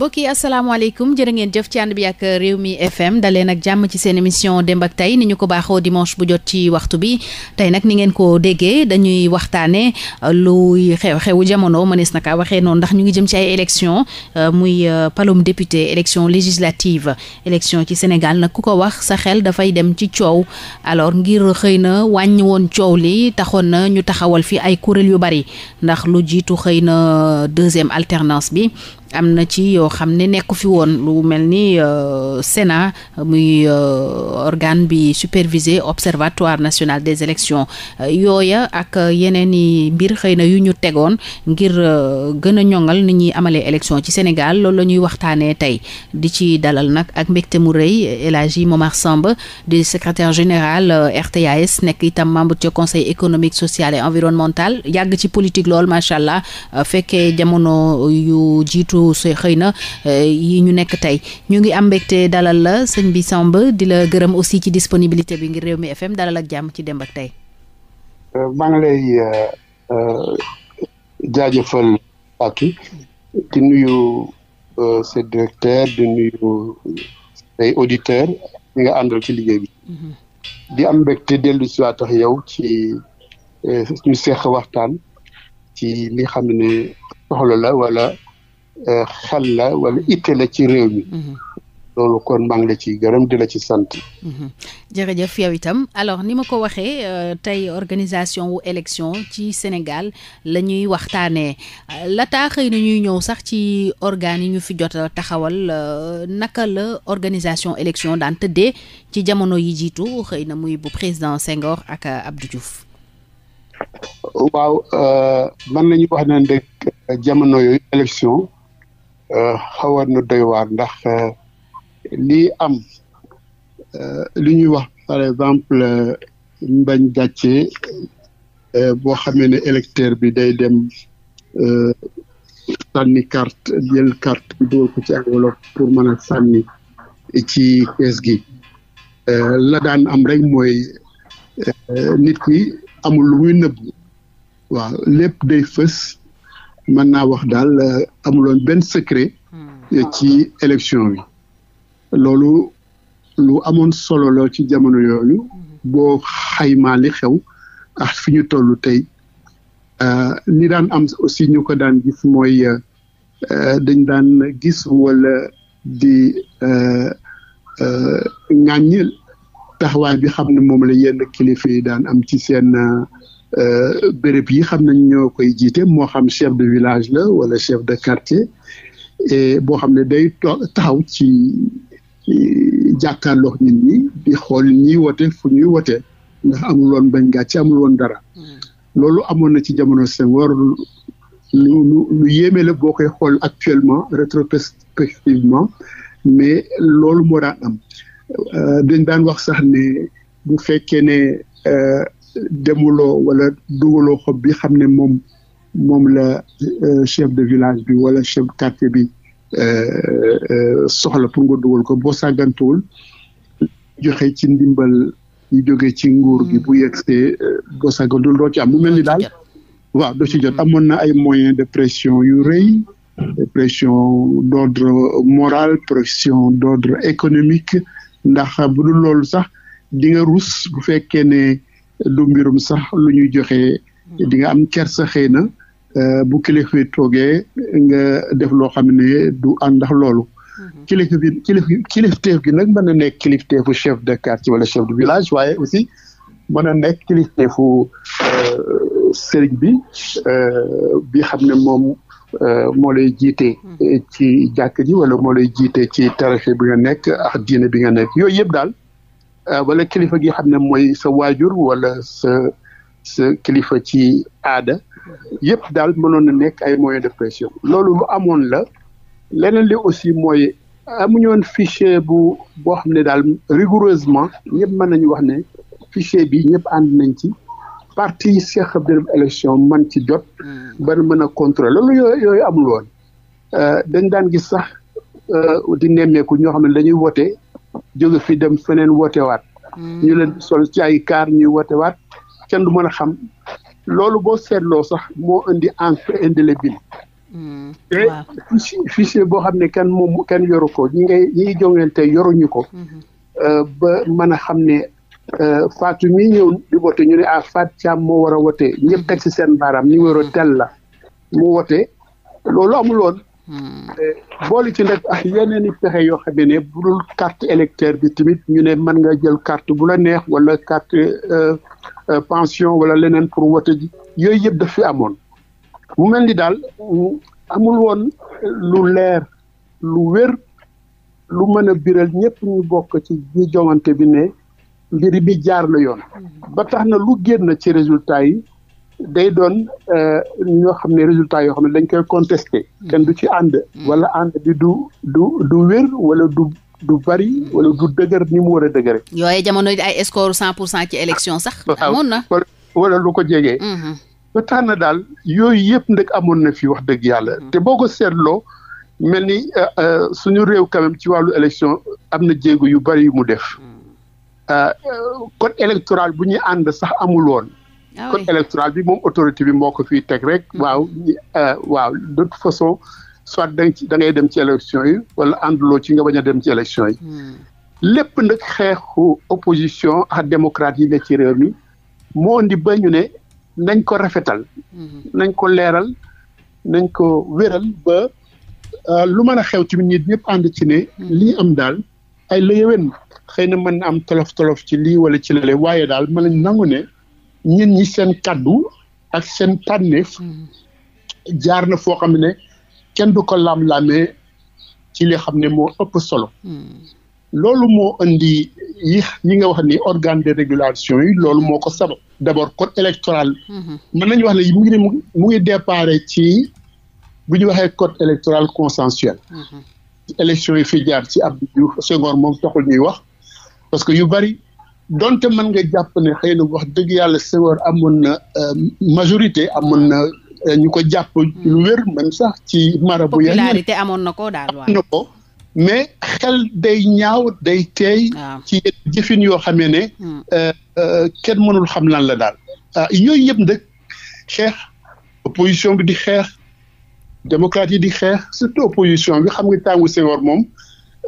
mbokk yi asalaamaaleykum jërë ngeen jëf ci ànd bi ak réew mi FM dalee nag jàmm ci seen émission démb ak tey ni ñu ko baaxoo dimanche bu jot ci waxtu bi tey nag ni ngeen ko déggee dañuy waxtaanee euh, luy xew-xewu jamono mënees na kaa waxee noonu ndax ñu ngi jëm ci ay élection euh, muy euh, palum député élection législative élection ci Sénégal nag ku ko wax sa xel dafay dem ci coow alors ngir xëy na wàññi woon coow li taxoon na ñu taxawal fi ay kuréel yu bari ndax lu jiitu xëy na deuxième alternance bi am na ci yoo xam ne nekku fi woon lu mel ni euh, Sénat euh, muy euh, organe bi supervisé observatoire national des élections yooya ak yeneen i mbir xëy na yu ñu tegoon ngir gën a ñoŋal ni ñuy amalee élection ci Sénégal loolu la ñuy waxtaanee tey di ci dalal nag ak mbégte mu rëy El Hadji Momar Samb di secretaire général RTA-S nekk itam membre ci conseil économique social et environnemental yàgg ci politique lool macha allah fekkee jamono yu jiitu. du sa na eh, yi ñu nekk tey ñu ngi am mbégte dalal la sëñ bi Samb di la gërëm aussi ci disponibilité bi ngir réew Rewmi FM dalal ak jàmm ci Demb ak Tay euh, maa ngi lay euh, euh, jaajëfal Fatou di nuyu sa directeur di nuyu say auditeur nga àndal ci liggéey bi mhm. di am mbégte dellu si waat yow ci seex waxtaan ci li xam ne soxla la wala Euh, xel la wala itte la ci réew mi. Mhm. loolu kon maa la ci gërëm di la ci sant. Mhm. jërëjëf yow itam alors ni ma ko waxee euh, tey organisation wu élection ci Sénégal la ñuy waxtaanee euh, lataa xëy na ñuy ñëw sax ci organes yi ñu fi jot a taxawal naka la organisation élection daan tëddee ci jamono yi jiitu xëy na muy bu président Senghor ak Abdou Diouf. waaw mën nañu wax ne ndek jamono yooyu élection. xawoon na doy waar ndax eh, lii am eh, li ñuy wax par exemple eh, mbañ gàcce boo xamee ne électeur bi day dem sànni carte jël carte bi ci enveloppe pour mën a sànni ci kees gi la am rek mooy nit ki amul lu muy nëbbu waaw lépp day fës mën naa wax daal euh, amuloon benn secret hmm. euh, ci élection bi loolu lu amoon solo la ci jamono yooyu hmm. boo xaymaa xew ak fi ñu toll tey ni euh, daan am aussi ñu ko daan gis mooy dañ daan gis wala di ŋàññ taxawaay bi xam ne moom la yenn kilifa yi daan am ci seen Euh, béréb yi xam nañ ñoo koy jiite moo xam chef de village la wala chef de quartier e boo xam ne day taxaw ci jàkkaarloo nit ñi di xool ñiy woote fu ñuy woote ndax amul woon bañ gàcce amul woon dara hmm. loolu amoon na ci jamono Senghor lu lu lu la boo koy xool actuellement rétrospectivement mais loolu moo daan am euh, dañ daan wax sax ne mu fekkee ne euh, demuloo wala dugaloo xob bi xam ne moom moom la euh, chef de village bi wala chef de quartier bi euh, euh, soxla pour nga dugal ko boo sàggantuwul joxe ci ndimbal yu jóge ci nguur gi hmm. bu yegsee boo sàggantuwul doo ci am mu mel ni daal waaw doo ci jot hmm. amoon na ay moyen de pression yu rëy pression d'ordre moral pression d'ordre économique ndax bu dul loolu sax di nga rus bu ne du mbirum sax lu ñuy joxe mm-hmm. di nga am kersa xëy na euh, bu kilifa toogee nga def loo xam ne du àndax loolu. Mm-hmm. kilifa bi kilif kilifteef gi nag mën na nekk kilifteefu chef de quartier wala chef de village waaye aussi mën na nekk kilifteefu euh, sëriñ bi euh, bi xam ne moom moo lay jiite mm-hmm. ci jàkk ji wala moo lay jiite ci tarafe bi nga nekk ak diine bi nga nekk yooyu yëpp daal Euh, wala kilifa gi xam ne mooy sa waajur wala sa sa kilifa ci aada yëpp daal mënoon na nekk ay moyens de pression loolu lu amoon la leneen li aussi mooy amuñu woon fichier bu boo xam ne daal rigoureusement ñëpp mën nañu wax ne fichier bi ñëpp ànd nañ ci parti yi seq béréb élection man ci jot mm. ba mën a contrôler loolu yooyu yooyu amul woon euh, dañ daan gis sax euh, di nemmeeku ñoo xam ne dañuy woote jóge fi dem feneen waat mm. ñu leen sol ci ay kaar ñuy waat kenn du mën a xam loolu boo seetloo sax moo indi encre indélébile. Mm. te fichier boo xam ne kenn moom kenn yoru ko ñi ngay ñi jongante yoruñu ko. Mm-hmm. Euh, ba mën a xam ne euh, Fatou mii ñëw di wote ñu ne ah Fatou Thiam moo war a wote ñëpp teg ci seen baaraam numéro mm-hmm. tel la mu wote loolu amul woon Hmm. boole ci nag ak yeneen i pexe yoo xam ne bu dul carte électeur bi tamit ñu ne mën nga jël kart bu la neex wala carte euh, euh, pension wala leneen pour wote ji yooyu yëpp daf fi amoon mu mel ni daal amul woon lu leer lu wér lu mën a biral ñëpp ñu bokk ci ñi joŋante bi ne mbir bi jaar la yoon hmm. ba tax na lu génn ci résultat yi day doon euh, ñoo xam ne résultat yoo xam ne dañ koy contesté kenn du ci ànd mm. wala ànd bi du du du wér wala du du bari wala du dëgër ni mu war a dëgëre yooye jamono di ay score cent pour ci élection sax amoon na wala lu ko jegee mm-hmm. ba na daal yooyu yëpp nag amoon na fi wax dëgg yàlla mm-hmm. te boo ko seetloo mel ni euh, euh, suñu réew quand ci wàllu élection am na jéego yu bari mu def mm. code électoral bu ñuy ànd sax amul woon Ah code électoral bi moom autorité bi moo ko fiy teg rek. Mm-hmm. waaw euh, waaw de toute façon soit da ngay da ngay dem ci élection yi wala ànduloo ci nga bañ a dem ci élection yi. Mm. lépp nag xeexu opposition ak démocrate yi ne ci réew mi moo indi ba ñu ne nañ ko rafetal. Mm-hmm. nañ ko leeral nañ ko wéral ba euh, lu mën a xew tamit nit ñëpp ànd ci ne. Mm-hmm. lii am daal ay la yéwén xëy na mën na am tolof tolof ci lii wala ci lale waaye daal mën nañ nangu ne. ñin ñi seen kaddu ak seen tànneef jaar na foo xam ne kenn du ko laam-laamee ci li xam ne moo ëpp solo loolu moo indi yi yi nga wax ni organe de régulation yi loolu moo ko sabab d'abord code électoral mën nañu wax ne mu ngi mu ngi déparé ci bu ñu waxee code électoral consensuel mmh. élection yi fi jaar ci Abdou Diouf Senghor moom taxul ñuy wax parce que yu bari donte mën nga jàpp ne xëy na wax dëgg yàlla Senghor amoon na euh, majorité amoon na euh, ñu ko jàpp ci hmm. wér man sax ci marabu ya popularité amoon na ko daal waaw ko mais xel day ñaaw day teey ci jëfin yoo xamee ne hmm. euh, kenn mënul xam lan la daal ah, yooyu yëpp nag xeex opposition bi di xeex démocrate yi di xeex surtout opposition bi xam nga tàngu Senghor moom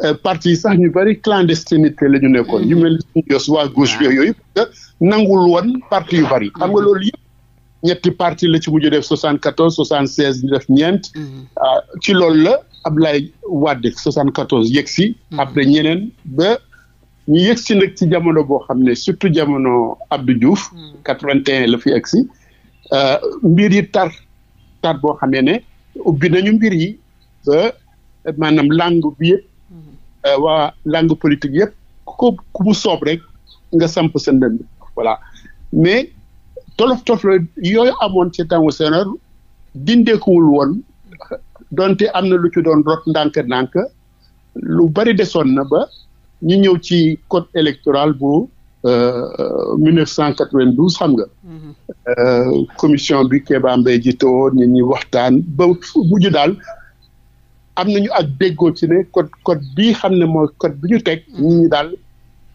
Euh, parti yi sax ñu bëri clandestinité la ñu nekkoon ñu mm-hmm. mel ni jos waa gauche bi yooyu parce nangul woon parti yu bëri xam nga mm-hmm. loolu yëpp ñetti parti la ci mujj def soixante quatorze soixante seize ñu mm-hmm. ah, ci loolu la Ablaye Wade soixante quatorze yegg si après ñeneen ba ñu yegg si nag ci jamono boo xam ne surtout jamono Abdou Diouf quatre vingt la fi yegg si euh, mbir yi tar tar boo xamee ne ubbi nañu mbir yi ba maanaam langue bi yëpp Euh, waa langue politique yëpp ko ku mu soob rek nga samp sa ndënd voilà mais tolof tolof yooyu amoon ci tàngu Senghor dindeekuwul woon donte am na lu ci doon rot ndànk-ndànk lu bari desoon na ba ñu ñëw ci code électoral bu euh, mille neuf cent quatre xam nga mhm. euh, commission bi Kéba Mbaye jiite woon ñu waxtaan ba mujj daal am nañu ak déggoo ci ne code code bi xam ne mooy code bi ñu teg mm. ñi daal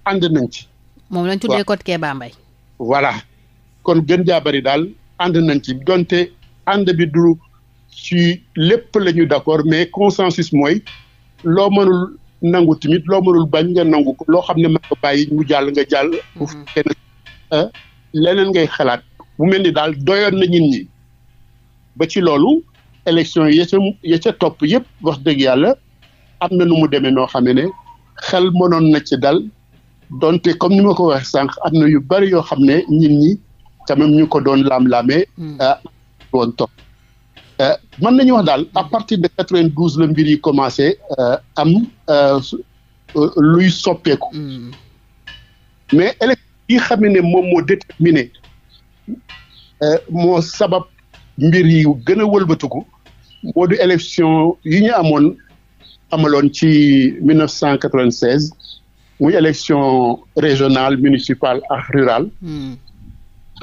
ànd nañ ci moom lañ tuddee code Kéba Mbaye voilà kon gën jaa daal ànd nañ ci donte ànd bi du ci lépp la ñu d'accord mais consensus mooy loo mënul nangu tamit loo mënul bañ nga nangu ko loo xam ne ma ko bàyyi mu jàll nga jàll bu mm-hmm. ah, leneen ngay xalaat mu mel ni daal doyoon na ñit ñi ba ci loolu élection yi ca ya ca topp yëpp wax dëgg yàlla am na nu mu demee noo xamee ne xel mënoon na ci dal donte comme ni ma ko waxee sànq am na yu bari yoo xam ne nit ñi quand même ñu ko doon laam-laamee. Hmm. Ah, ah mën nañu wax daal à partir de 92 la mbir yi commencé ah, am ah, euh, luy soppeeku. Hmm. mais élection yi xam ne moom moo déterminé moo sabab mbir yi gën a wëlbatiku. moo di élection yi ñu amoon amaloon ci 1996 muy élection régionale municipale ak rurale. Hmm.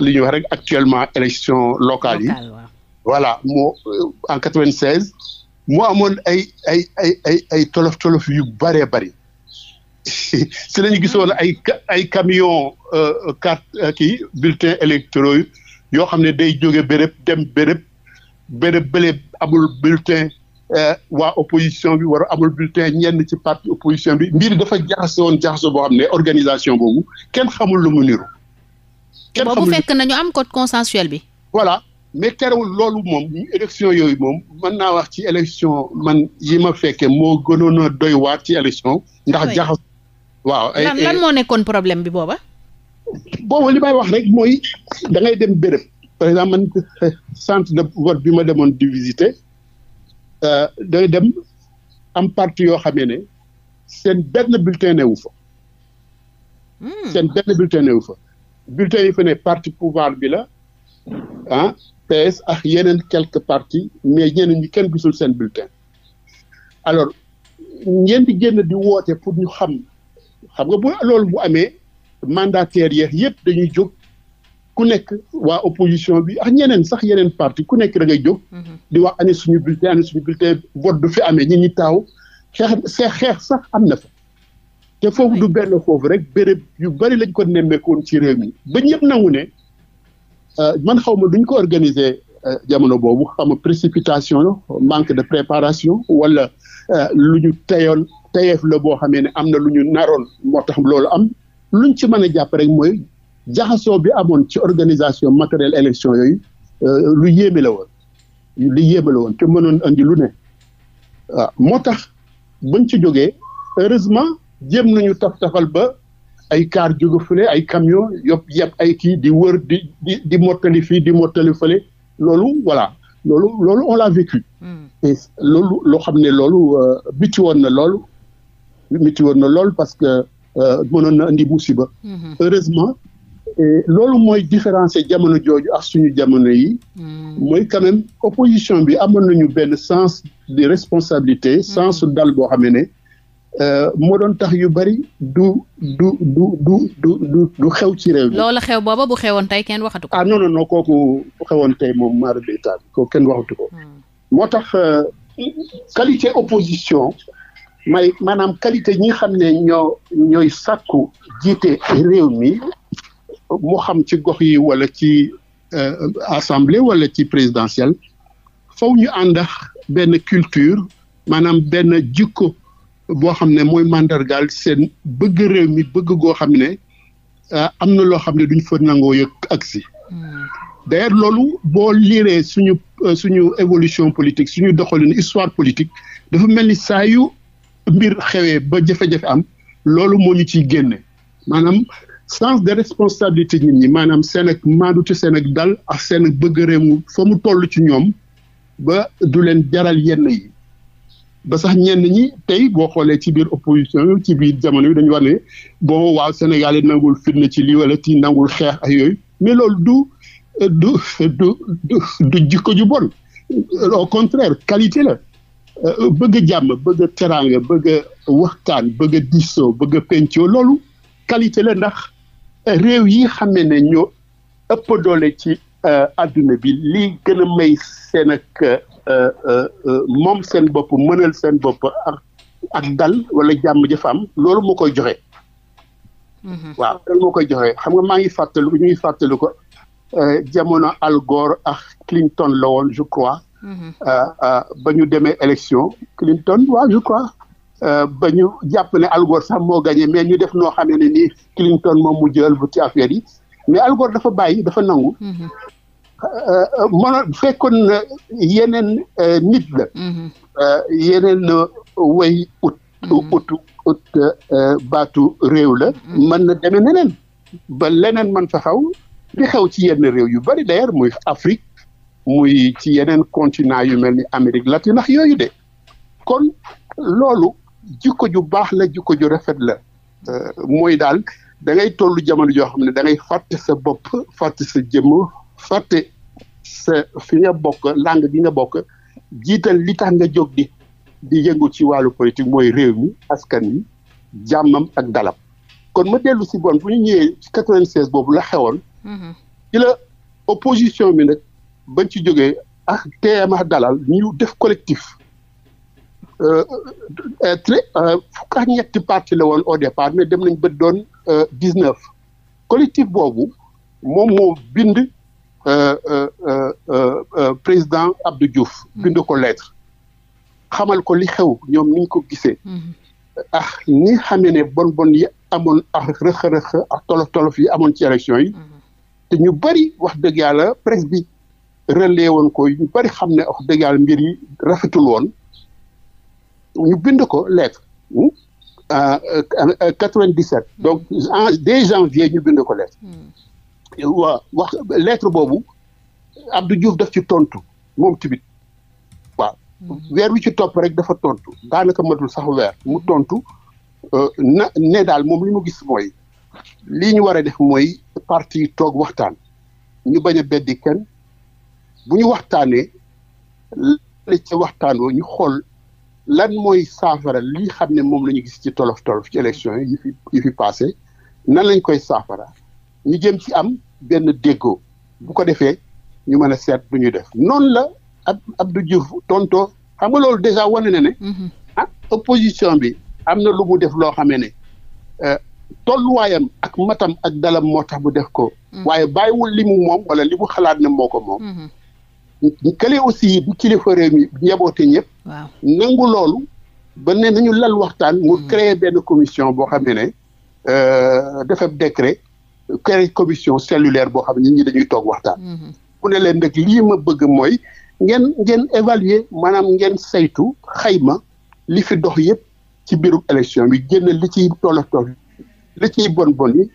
li ñuy wax rek actuellement élection locale yi. voilà moo euh, en 96 moo amoon ay ay ay ay ay tolof tolof yu bëree bari si la ñu gisoon ay ay camion euh, carte euh, kii bulletin électoraux yoo xam ne day jóge béréb dem béréb amul bulletin euh, waa opposition bi war a amul bulletin ñenn ci parti opposition bi mbir dafa jaxase woon boo xam ne organisation boobu kenn xamul lu mu niru. kenn xamul boobu fekk nañu am code consensuel bi. voilà mais terewul loolu moom élection yooyu moom mën naa wax ci élection man yi ma fekkee moo gënoon a doy waar ci élection. ndax jaxas waaw. lan moo nekkoon problème bi booba. booba li may wax rek mooy da ngay dem béréb. par exemple man centre de vote bi ma demoon di visiter euh, day dem am parti yoo xamee ne seen benn bulletin newu fa. Hmm. seen benn bulletin newu fa. bulletin yi fa ne parti pouvoir bi la ah PS ak yeneen quelques partis mais ñeneen ñi kenn gisul seen bulletin alors ngeen di génn di woote pour ñu xam xam nga bu loolu bu amee mandataires yeex yëpp dañuy jóg. ku nekk waa opposition bi ak ñeneen sax yeneen parti ku nekk da ngay jóg. Mhm. di wax année suñu bulletin année suñu bulletin vote du fi amee ñi ñi taaw xeex see xeex sax am na fa. te foofu du benn foofu rek béréb yu bari lañ ko nemmeekoon ci réew mi ba ñëpp nangu ne euh, man xaw ma duñ ko organiser euh, jamono boobu xam nga précipitation manque de préparation wala euh, lu ñu teyoon teyeef la boo xamee ne am na lu ñu naroon moo tax loolu am luñ ci mën a jàpp rek mooy. jaxasoo bi amoon ci organisation matériel élection yooyu euh, lu yéeme la woon lu yéeme la woon te mënoon andi lu ne waaw ah, moo tax bañ ci jógee heureusement jéem nañu taf tafal ba ay car jóge fële ay camion yop yëpp ay kii di wër di di mottali fii di mottali fële loolu voilà loolu loolu on l'a vécu hmm. loolu loo xam ne loolu euh, métti woon na loolu métti woon na loolu parce que euh, mënoon na andi musiba hmm. heureusement Eh, loolu mooy différencier jamono jooju ak suñu jamono yi. Hmm. mooy quand même opposition bi amoon nañu benn sens de responsabilité. Hmm. sens su dal boo xam ne. Euh, moo doon tax yu bari du du du du du du xew ci réew mi. loola xew booba bu xewoon tey kenn waxatu ko. ah non non kooku xewoon tey moom maara day taal kooku kenn waxatu ko. Hmm. moo tax euh, qualité opposition. may maanaam qualité ñi xam ne ñoo ñooy sàkku jiite réew mi mu xam ci gox yi wala ci euh, assemblée wala ci présidentielle faw ñu àndax benn culture maanaam benn jikko boo xam ne mooy màndargaal seen bëgg réew mi bëgg goo xam ne euh, am na loo xam ne duñ fa nangoo yëg agsi hmm. d'ailleurs loolu boo liiree suñu euh, suñu évolution politique suñu doxalin histoire politique dafa mel ni saa mbir xewee ba jafe-jafe am loolu moo ñu ciy génne sens de responsabilité nit ñi maanaam seen ak maandute seen ak dal ak seen ak bëgg réew mu fa mu toll ci ñoom ba du leen jaral yenn yi ba sax ñenn ñi tey boo xoolee ci biir opposition ci biir jamono yi dañu war ne bon waaw Sénégal yi nangul fitna ci lii wala ci nangul xeex ak yooyu mais loolu du du du du jikko ju bon au contraire qualité la euh, bëgg jàmm bëgg teraanga bëgg waxtaan bëgg diisoo bëgg pencoo loolu qualité la ndax réew yi xam ne ñoo ëpp doole ci euh, adduna bi lii gën a may seen ak euh, euh, moom seen bopp mënal seen bopp ak ak dal wala jàmm jafa am loolu moo koy joxe. Mm-hmm. waaw loolu moo koy joxe xam nga maa ngi fàttaliku ñuy fàttaliku jamono Al Gore ak Clinton la woon je crois. Mm-hmm. ba ñu demee élection Clinton waaw je crois. Euh, ba ñu jàppale ne Al Gore sax moo gagné mais ñu def noo xamee ne nii Clinton moom mu jël bu ci affaire yi mais Al Gore dafa bàyyi dafa nangu. Mm-hmm. Euh, euh, mënoon fekkoon na yeneen nit la. Mm-hmm. yeneen way ut. Mm-hmm. ut baatu réew la. man na demee neneen. ba leneen man fa xaw di xew ci yenn réew yu bari d'ailleurs muy Afrique muy ci yeneen continent yu mel ni Amérique latine ndax yooyu de kon loolu jikko ju baax la jikko ju rafet la euh, mooy daal dangay tollu jamono joo xam ne dangay ngay sa bopp fàtte sa jëmm fàtte sa fi nga bokk langue bi nga bokk jiital li tax nga jog di di yëngu ci wàllu politique mooy réew mi askan wi jàmmam ak dalam kon ma dellu si bon bu ñu ñëwee ci 96 boobu la xewoon. Mm-hmm. ci opposition bi nag bañ ci jógee ah teem dalal ñu def collectif. Euh, très euh, fukk ak ñetti parti la woon au départ mais dem nañ bët doon euh, dix neuf collectif boobu moom moo bind président Abdou Diouf mm-hmm. bind ko lettre xamal ko li xew ñoom niñ ko gisee mm-hmm. ah ni xamee ne bon bon yi amoon ak ah, rëq-rëq ak ah, tolof tolof yi amoon ci élection yi mm-hmm. te ñu bëri wax dëgg yàlla presse bi relais woon ko ñu bëri xam ne wax dëgg yàlla mbir yi rafetul woon ñu bind ko lettre hmm? euh, euh, quatre-vingt-dix-sept hmm. donc en dès janvier ñu bind ko lettre hmm. waa wax lettre boobu Abdou Diouf daf ci tontu moom tamit waaw weer wi ci topp rek dafa tontu daanaka madul sax weer mu tontu euh, na ne daal moom li mu gis mooy lii ñu war a def mooy parti toog waxtaan ñu bañ a beddi kenn bu ñu waxtaanee la ca waxtaanoo ñu xool lan mooy saafara li xam ne moom la ñu gis ci tolof tolof ci élection yi fi yi fi passé nan lañ koy saafara ñu jëm ci am benn déggoo bu ko defee ñu mën a seet lu ñuy def noonu la ab Abdou Diouf tontoo xam nga loolu déjà wane na ne mhm. ah opposition bi am na lu mu def loo xamee ne euh, tolluwaayam ak matam ak dalam moo tax mu def ko mhm. waaye bàyyiwul li mu moom wala li mu xalaat ne moo ko moom mhm. cle aussi du kilifa réew mi yeboote ñëpp. waaw nangu loolu. ba ne nañu lal waxtaan. mu mm. créer benn commission boo xam ne ne euh, dafa décret. créer commission cellulaire boo xam ne ñi dañuy toog waxtaan. Mm-hmm. mu ne leen nag lii ma bëgg mooy ngeen ngeen évaluer maanaam ngeen saytu xayma li fi dox yëpp ci biiru élection bi génn li ciy tolof tolof li ciy bon bon yi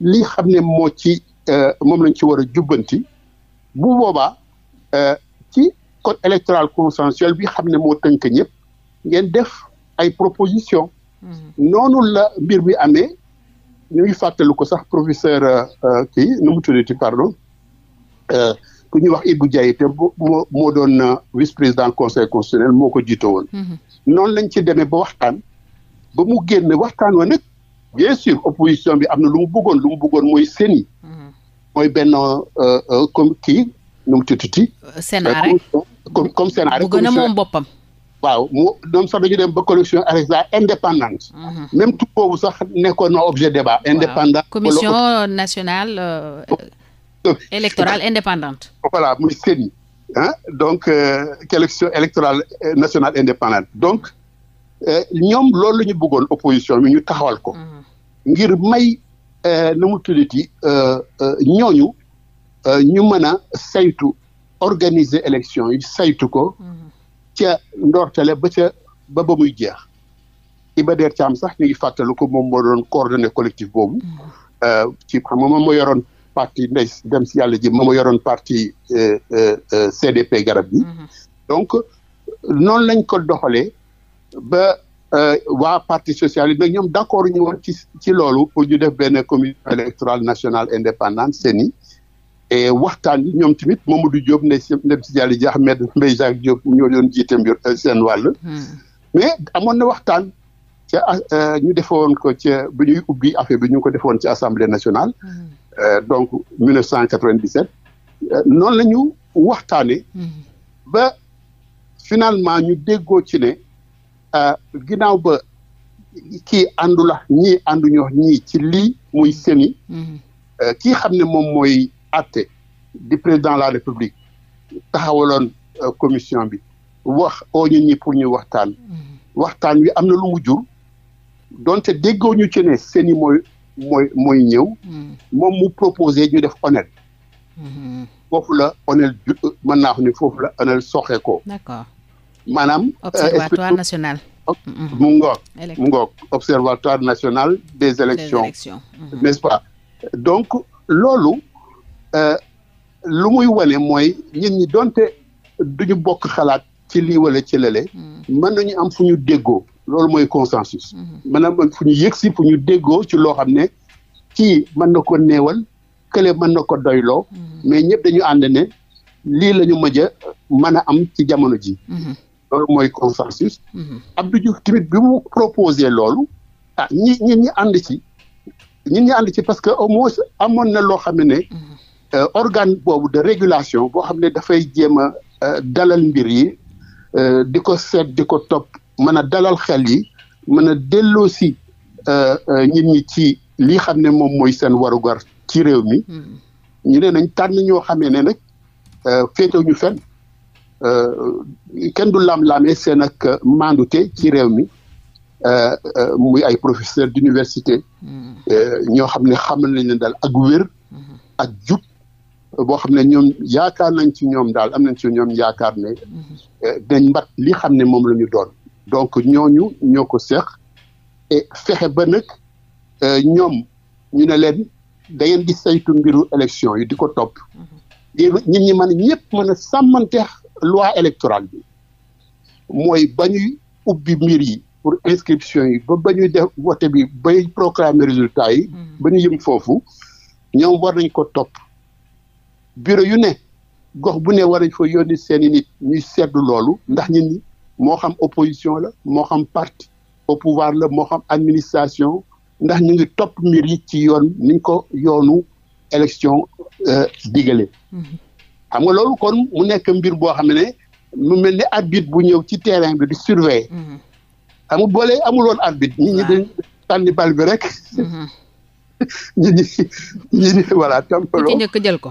li xam ne moo ci euh, moom lañ ci war a jubbanti bu boobaa. Euh, ci code électoral consensuel bi xam ne moo tënk ñëpp ngeen def ay proposition mm-hmm. noonu la mbir mi amee ñu ngi ko sax professeur euh, euh, ki nu mu tuddati pardon ku ñuy wax bu Diaye te moo moo doon vice président conseil constitutionnel moo ko jiite woon. Mm-hmm. noonu lañ ci demee ba waxtaan ba mu génn waxtaan wa nag bien sûr opposition bi am na lu mu bëggoon lu mu bëggoon mooy seen yi mm-hmm. mooy benn kii nu mu tuddati. scénario euh, comme comme scénario. bu a moom boppam. waaw mu ñoom sax dañu dem ba commission ARESA indépendante. Mhm. même tout boobu sax nekkoon na objet débat. indépendant commission nationale. Euh, euh, électorale indépendante. voilà muy CENI. donc commission électorale nationale indépendante donc ñoom loolu lañu ñu bëggoon opposition bi ñu taxawal ko. Mhm. ngir may nu mu ñooñu. Euh, ñu mën a saytu organiser élection yi saytu ko ca ndortale ba ca ba ba muy jeex ba Der Thiam sax ñu ngi fàttalu ko moom moo doon coordonné collectif boobu euh, ci xam nga moom moo yoroon parti ndey dem si yàlla ji moom moo yoroon parti euh, CDP garab bi donc noonu lañ ko doxalee ba waa parti socialiste nag ñoom d'accord ñu woon ci ci loolu pour ñu def benn commission électorale nationale indépendante CENI waxtaan yi ñoom tamit Mamadou Diop ne Ndem si Diallo Dia Ahmed Mbaye Jacques Diop ñoo doon jiite euh, seen wàll. Hmm. mais amoon na waxtaan. a euh, ñu defoon ko ca bu ñuy ubbi affaire bi ñu ko defoon ci assemblée nationale. Hmm. Euh, donc 1997. noonu la lañu waxtaanee. Hmm. ba finalement ñu déggoo ci ne ginnaaw ba kii àndula ñii ànduñoo ñii ci lii muy seni kii xam ne moom mooy. atte di président de la république taxawaloon euh, commission bi wax oo ñun ñi pour ñu waxtaan mm-hmm. waxtaan wi am na lu mu jur donte déggoo ñu ci ne seen i mooy ñëw mm-hmm. moom mu proposé ñu def ONEL mm-hmm. foofu la ONEL ju euh, mën naa wax ni foofu la ONEL soxee ko d'accord maanaam euh, observatoire national mu ngoog mu ngoog observatoire national des élections nest pas donc loolu Euh, lu muy wane mooy nit ñi donte duñu bokk xalaat ci lii wala ci lële mm-hmm. mën nañu am fu ñu déggoo loolu mooy consensus maanaam mm-hmm. fu ñu yëgsi fu ñu déggoo ci loo xam ne kii mën na ko néewal kële mën na ko doyloo mm-hmm. mais ñëpp dañu ànd ne lii lañu ñu mëj a mën a am ci jamono ji loolu mooy consensus Abdou Diouf tamit bi mu proposé loolu ah ñi ñi ñi ànd ci ñi ci parce que au moins amoon na loo xam ne ne Euh, organe boobu de régulation boo xam ne dafay jéem a euh, dalal mbir yi euh, di ko seet di ko topp mën a dalal xel yi mën a delloosi nit ñi ci li xam ne moom mooy seen warugar ci réew mi hmm. ñu ne nañ tànn ñoo xamee ne nag féetew ñu fenn kenn du laam-laamee seen ak mandute ci réew mi muy ay professeur d'université hmm. ñoo xam ne xamal nañ ne daal ak wér hmm. ak jub boo xam ne ñoom yaakaar nañ ci ñoom daal am nañ ci ñoom yaakaar ne mhm. eh, dañ mbat li xam ne moom lañu doon donc ñooñu ñoo ko seex fexe ba nag eh, ñoom ñu ne leen da ngeen di saytu mbiru élection yi di ko topp ñit mhm. ñi mën ñëpp mën a sàmmanteex loi électorale bi mooy ba ñuy ubbi mbir yi pour inscription yi ba ñuy def vote bi bay programme résultat yi mhm. ba ñu yëm foofu ñoom war nañ ko topp bureau yu ne gox bu ne war nañ fa seeni nit ñuy seetlu loolu ndax ñun ñi moo xam opposition la moo xam parti au pouvoir la moo xam administration ndax ñu ngi topp mbir ci yoon niñ ko yoonu élection euh, digale mm-hmm. xam nga loolu kon mu nekk mbir boo xam ne mu mel ni arbitre bu ñëw ci terrain bi di surveiller mm-hmm. xam boole amuloon abit ñi ñi dañ tànni bal bi rek mm-hmm. ñi ñi ñi voilà tam loolu njëkk jël ko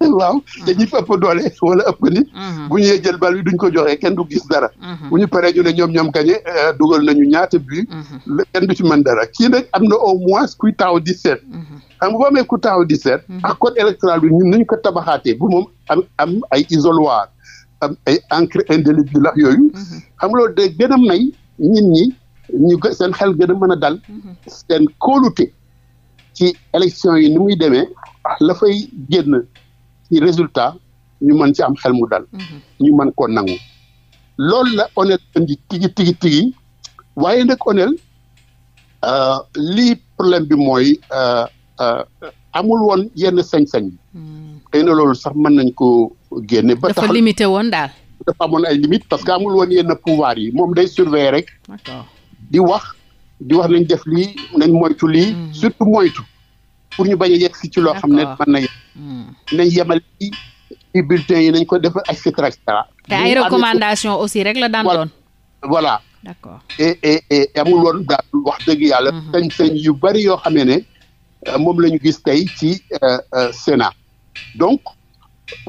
waaw mm-hmm. te ñi fi ëpp doole wala ëpp nit mm-hmm. bu ñuy jël bal bi duñ ko joxee kenn du gis dara mm-hmm. bu ñu paree ñu ne ñoom ñoom gagné euh, dugal nañu ñaata but kenn du ci man dara kii nag am na au moins kuy taxaw di am xam nga boo di seet ak code électoral bi ñu nañu ko tabaxaatee bu moom am am ay isoloir am ay encre indélébile lax yooyu xam loolu de gën may nit ñi ñu seen xel gën a mën a dal seen kóolute ci élection yi ni muy demee la fay génn ci résultat ñu mën ci am xel mu dal. Mhm. ñu mën koo nangu. loolu la onel indi waaye nag euh, problème bi mooy euh, euh, amul woon yenn sañ-sañ. Hmm. xëy na loolu sax mën nañ ko génne. ba tax dafa limité woon daal. dafa amoon ay limite parce que amul woon yenn pouvoir yi moom day surveiller rek. di wax di wax nañ def li nañ moytu lii. Hmm. surtout moytu pour ñu bañ a si ci loo xam ne mën na yegg. Mm. nañ yemal ci ci yi nañ ko def et cetera et cetera. te ay recommandations aussi rek la daan doon. voilà d'accord et amul woon daal wax dëgg yàlla. Mm-hmm. sañ-sañ yu bari yoo xamee ne euh, moom lañu gis tey ci euh, euh, Sénat donc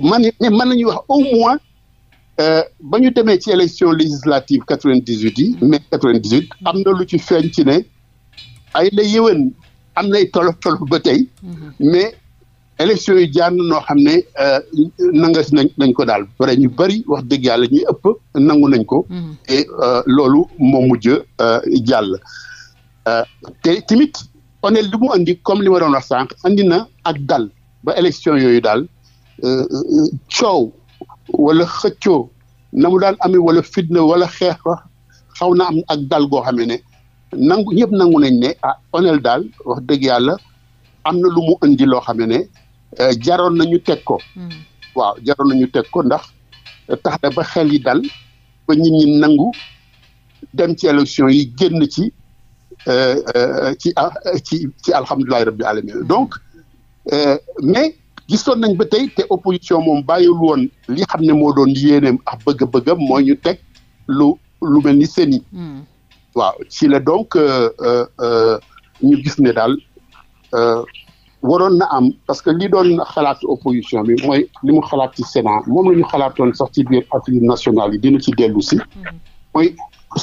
man ne mën nañu wax au moins ba ñu demee ci élection législative quatre-vingt-dix-huit yi mm-hmm. mai quatre dix huit am na lu ci feeñ ci ne ay la yéwén am nay tolof tolof ba tey mm-hmm. mais élection yi jànn noo xam ne euh, nangas nañ nañ ko daal bare ñu bari wax dëgg yàlla ñuy ëpp nangu nañ ko mm-hmm. euh, loolu moo mujj euh, jàll te tamit onel li mu andi comme li ma doon wax sànq andi na ak dal ba élection yooyu daal coow wala xëccoo na mu daan amee wala fitna wala xeex xaw na am ak dal goo xam ne nangu ñëpp nangu nañ ne ah onel daal wax dëgg yàlla am na lu mu indi loo xam ne Euh, jaroon nañu teg ko hmm. waaw jaroon nañu teg ko ndax tax na ba xel yi dal ba nit ñi nangu dem ci élection yi génn ci euh, euh, ah, ci ci ci alhamdulilahi rabbil alamin hmm. donc mais gisoon nañ ba tey te opposition moom bàyyiwul woon li xam ne moo doon yéeneem ak bëgg-bëggam mooy ñu teg lu lu mel ni seni hmm. waaw ci la donc ñu gis ne daal waroon na am parce que li doon xalaat opposition bi mooy li mu xalaat ci Sénat moom la ñu xalaatoon sax ci biir Assemblée nationale yi dina ci dellu si mm-hmm. mooy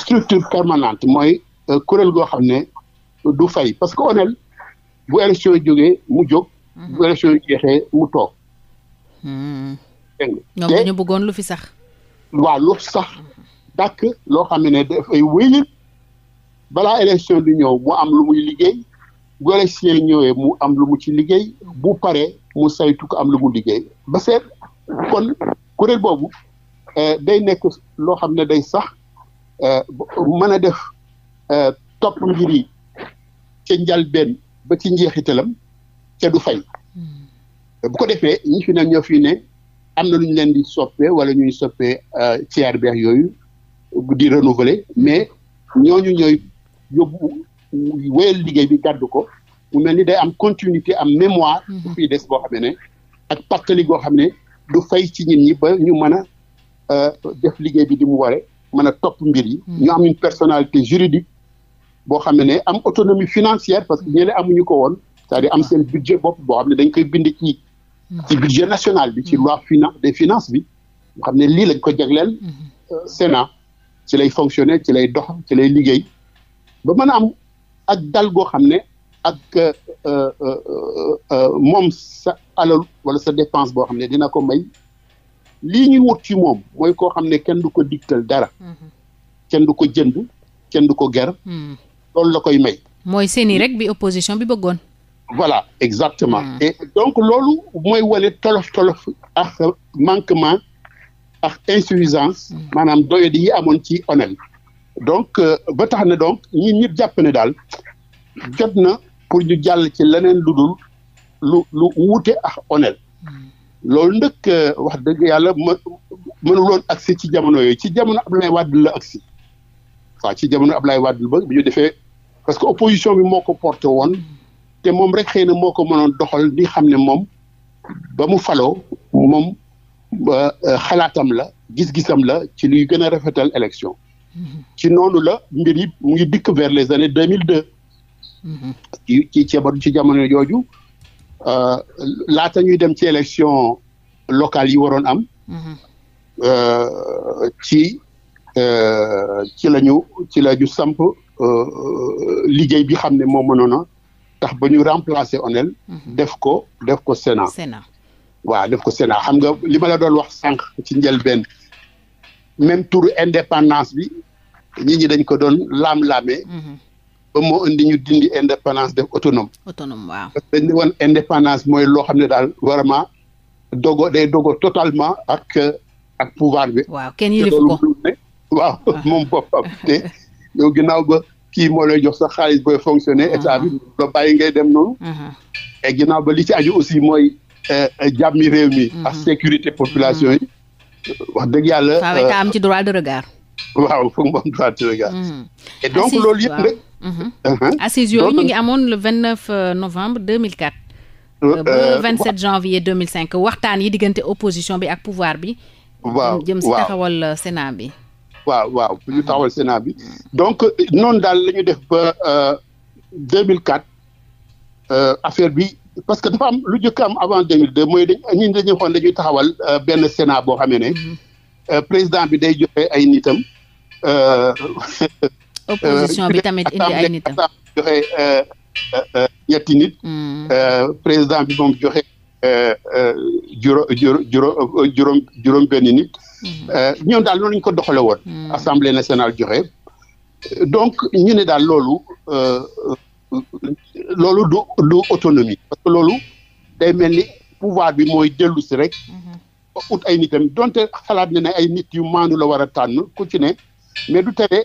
structure permanente mooy euh, kuréel goo xam ne du fay parce que onel bu élection yi jógee mu jóg mm-hmm. bu élection yi jeexee mu toog ñoom mm-hmm. dañu bëggoon lu fi sax waaw lu sax dàkk loo xam ne dafay wéyil balaa élection bi ñëw mu am lu muy liggéey élections yi ñëwee mu am lu mu ci liggéey bu paree mu saytu ko am lu mu liggéey ba seet kon kuréel boobu euh, day nekk loo xam ne day sax euh, mën a def euh, topp mbir ca njalbeen ba ci njeexitalam ca du fay hmm. bu ko defee ñi fi ne ñoo fi ne am na lu ñu leen di soppee wala ñuy soppee tiers beex yooyu di renouveler mais ñooñu ñooy yóbbu wéyal liggéey bi gàddu ko mu mel ni day am continuité am mémoire mhm. bu fiy des boo xam ne ak pàttali goo xam ne du fay ci nit ñi ba ñu mën a euh, def liggéey bi di mu waree mën a topp mbir yi mhm. ñu am une personnalité juridique boo xam ne am autonomie financière parce que ñële amuñu ko woon cest à am seen budget bopp boo xam ne dañ koy bind ci mhm. ci budget national bi ci loi finance des finances bi nga xam ne lii lañ ko jagleel euh, Sénat ci lay fonctionner ci lay dox ci lay liggéey ba mën am ak dal goo xam ne ak euh, euh, euh, moom sa alal wala sa dépense boo xam ne dina ko may lii ñuy wut ci moom mooy koo kenn du ko digtal dara mm-hmm. kenn du ko jënd kenn du ko ger mm-hmm. loolu la koy may mooy seeni rek bi opposition bi bëggoon voilà exactement mm. et donc loolu mooy wane tolof tolof ak manquement ak insuffisance maanaam doyadi yi amoon ci ONEL donc euh, ba tax ne donc ñun ñëpp jàpp ne daal jot na pour ñu jàll ci leneen lu dul lu lu wuute ak onel hmm. loolu nag euh, wax dëgg yàlla më mënuloon agsi ci jamono yooyu ci jamono Abdoulaye Wade la agsi waa ci jamono Abdoulaye Wade ba bi ñu defee parce que opposition bi moo ko porté woon te moom rek xëy na moo ko mënoon doxal di xam ne moom ba mu faloo moom euh, xalaatam la gis-gisam la ci luy gën a rafetal élection ci noonu la mbir yi mu ngi vers les années deux mille deux. ci ci ci jamono jooju euh, laata ñuy dem ci élection locale yi waroon am. Euh, ci euh, ci la ci la ñu samp liggéey bi xam ne moo mënoon tax ba ñu remplacer ONEL. def ko def ko Sénat. Sénat waaw def ko Sénat xam nga li ma la doon wax sànq ci njëlbeen même turu indépendance bi nit ñi dañ ko doon laam-laamee. Mhm. ba moo indi ñu dindi indépendance def autonome. autonome waaw dañ ne woon indépendance mooy loo xam ne daal vraiment dogo day dogo totalement ak ak pouvoir bi. waaw kenn yilif ko waaw moom boppam te yow ginnaaw ba kii moo lay jox sa xaalis booy fonctionner état bi mhm. la bàyyi ngay dem noonu. Mhm. et ginnaaw ba li ci aju aussi mooy euh, euh, jàmmi réew mi. ak sécurité population yi. wax dëgg yàlla. waaw euh, am ci droit de regard. waaw foog mu am droit de regard. donc loolu yëpp nag. Mhm. Uh-huh. assises yooyu ñu ngi amoon le vingt neuf euh, novembre deux mille quatre. Euh, euh, ba vingt sept janvier deux mille cinq waxtaan yi diggante opposition bi ak pouvoir bi. waaw jëm si taxawal Sénat bi. waaw waaw mhm. ñu taxawal Sénat bi donc noonu daal la def ba deux mille quatre affaire bi. parce que dafa am lu njëkk am avant 2002 mooy dañ ñun dañuy xool dañuy taxawal benn Sénat boo xamee ne. Mhm. Euh, président bi day joxe ay nitam. Euh, opposition bi euh, tamit indi ay nitam joxe ñetti nit. Hmm. président bi moom joxe juróom juróom juróom benn nit. Hmm. ñoom daal noonu lañu ko doxale woon. Hmm. assemblée national joxe. donc ñu ne daal loolu loolu du du autonomie parce que loolu day mel ni pouvoir bi mooy dellu rek. ut ay nitam donte xalaat na ne ay nit yu maandu la war a tànn ku ci ne mais du tere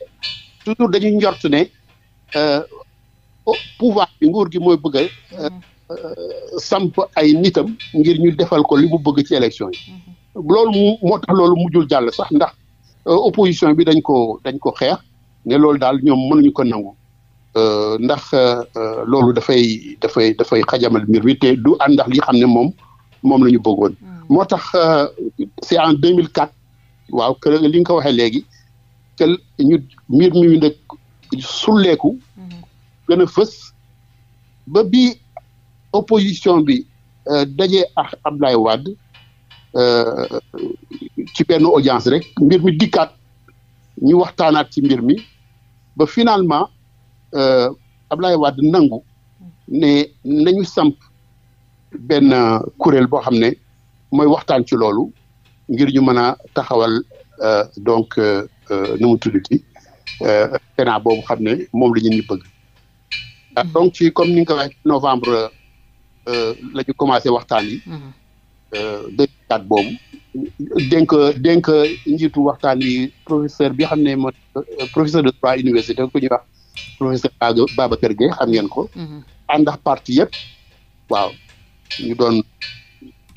toujours dañuy njort ne euh, pouvoir bi nguur gi mooy bëgg a mm-hmm. euh, samp ay nitam ngir ñu defal ko li mu bëgg ci élection yi mm-hmm. loolu moo tax loolu mujjul jàll sax ndax euh, opposition bi dañ ko dañ ko xeex ne loolu daal ñoom mënuñu ko nangu ndax loolu dafay dafay dafay xajamal mbir wi te du àndax li xam ne moom moom la ñu bëggoon mm-hmm. moo tax euh, c'est en 2004 waaw que li nga ko waxee léegi que ñu mbir mi nag sulleeku. Mhm. gën a fës ba bii opposition bi euh, daje ak Abdoulaye Wade euh, ci benn audience rek mbir mi dikkaat ñu waxtaanaat ci mbir mi ba finalement Abdoulaye Wade nangu mhm. ne nañu samp benn kuréel boo xam ne. mooy waxtaan ci loolu ngir ñu mën a taxawal euh, donc euh, euh, nu mu tuddati Sénat boobu xam ne moom la ñu ñu bëgg. donc ci comme ni nga ko novembre la ñu commencé waxtaan yi. Mm-hmm. deux quatre boobu. dénk dénk njiitu waxtaan yi professeur bi xam ne mooy professeur de droit université ku ñuy wax professeur Babacar Gueye xam ngeen ko. Mm-hmm. àndax parti yëpp waaw ñu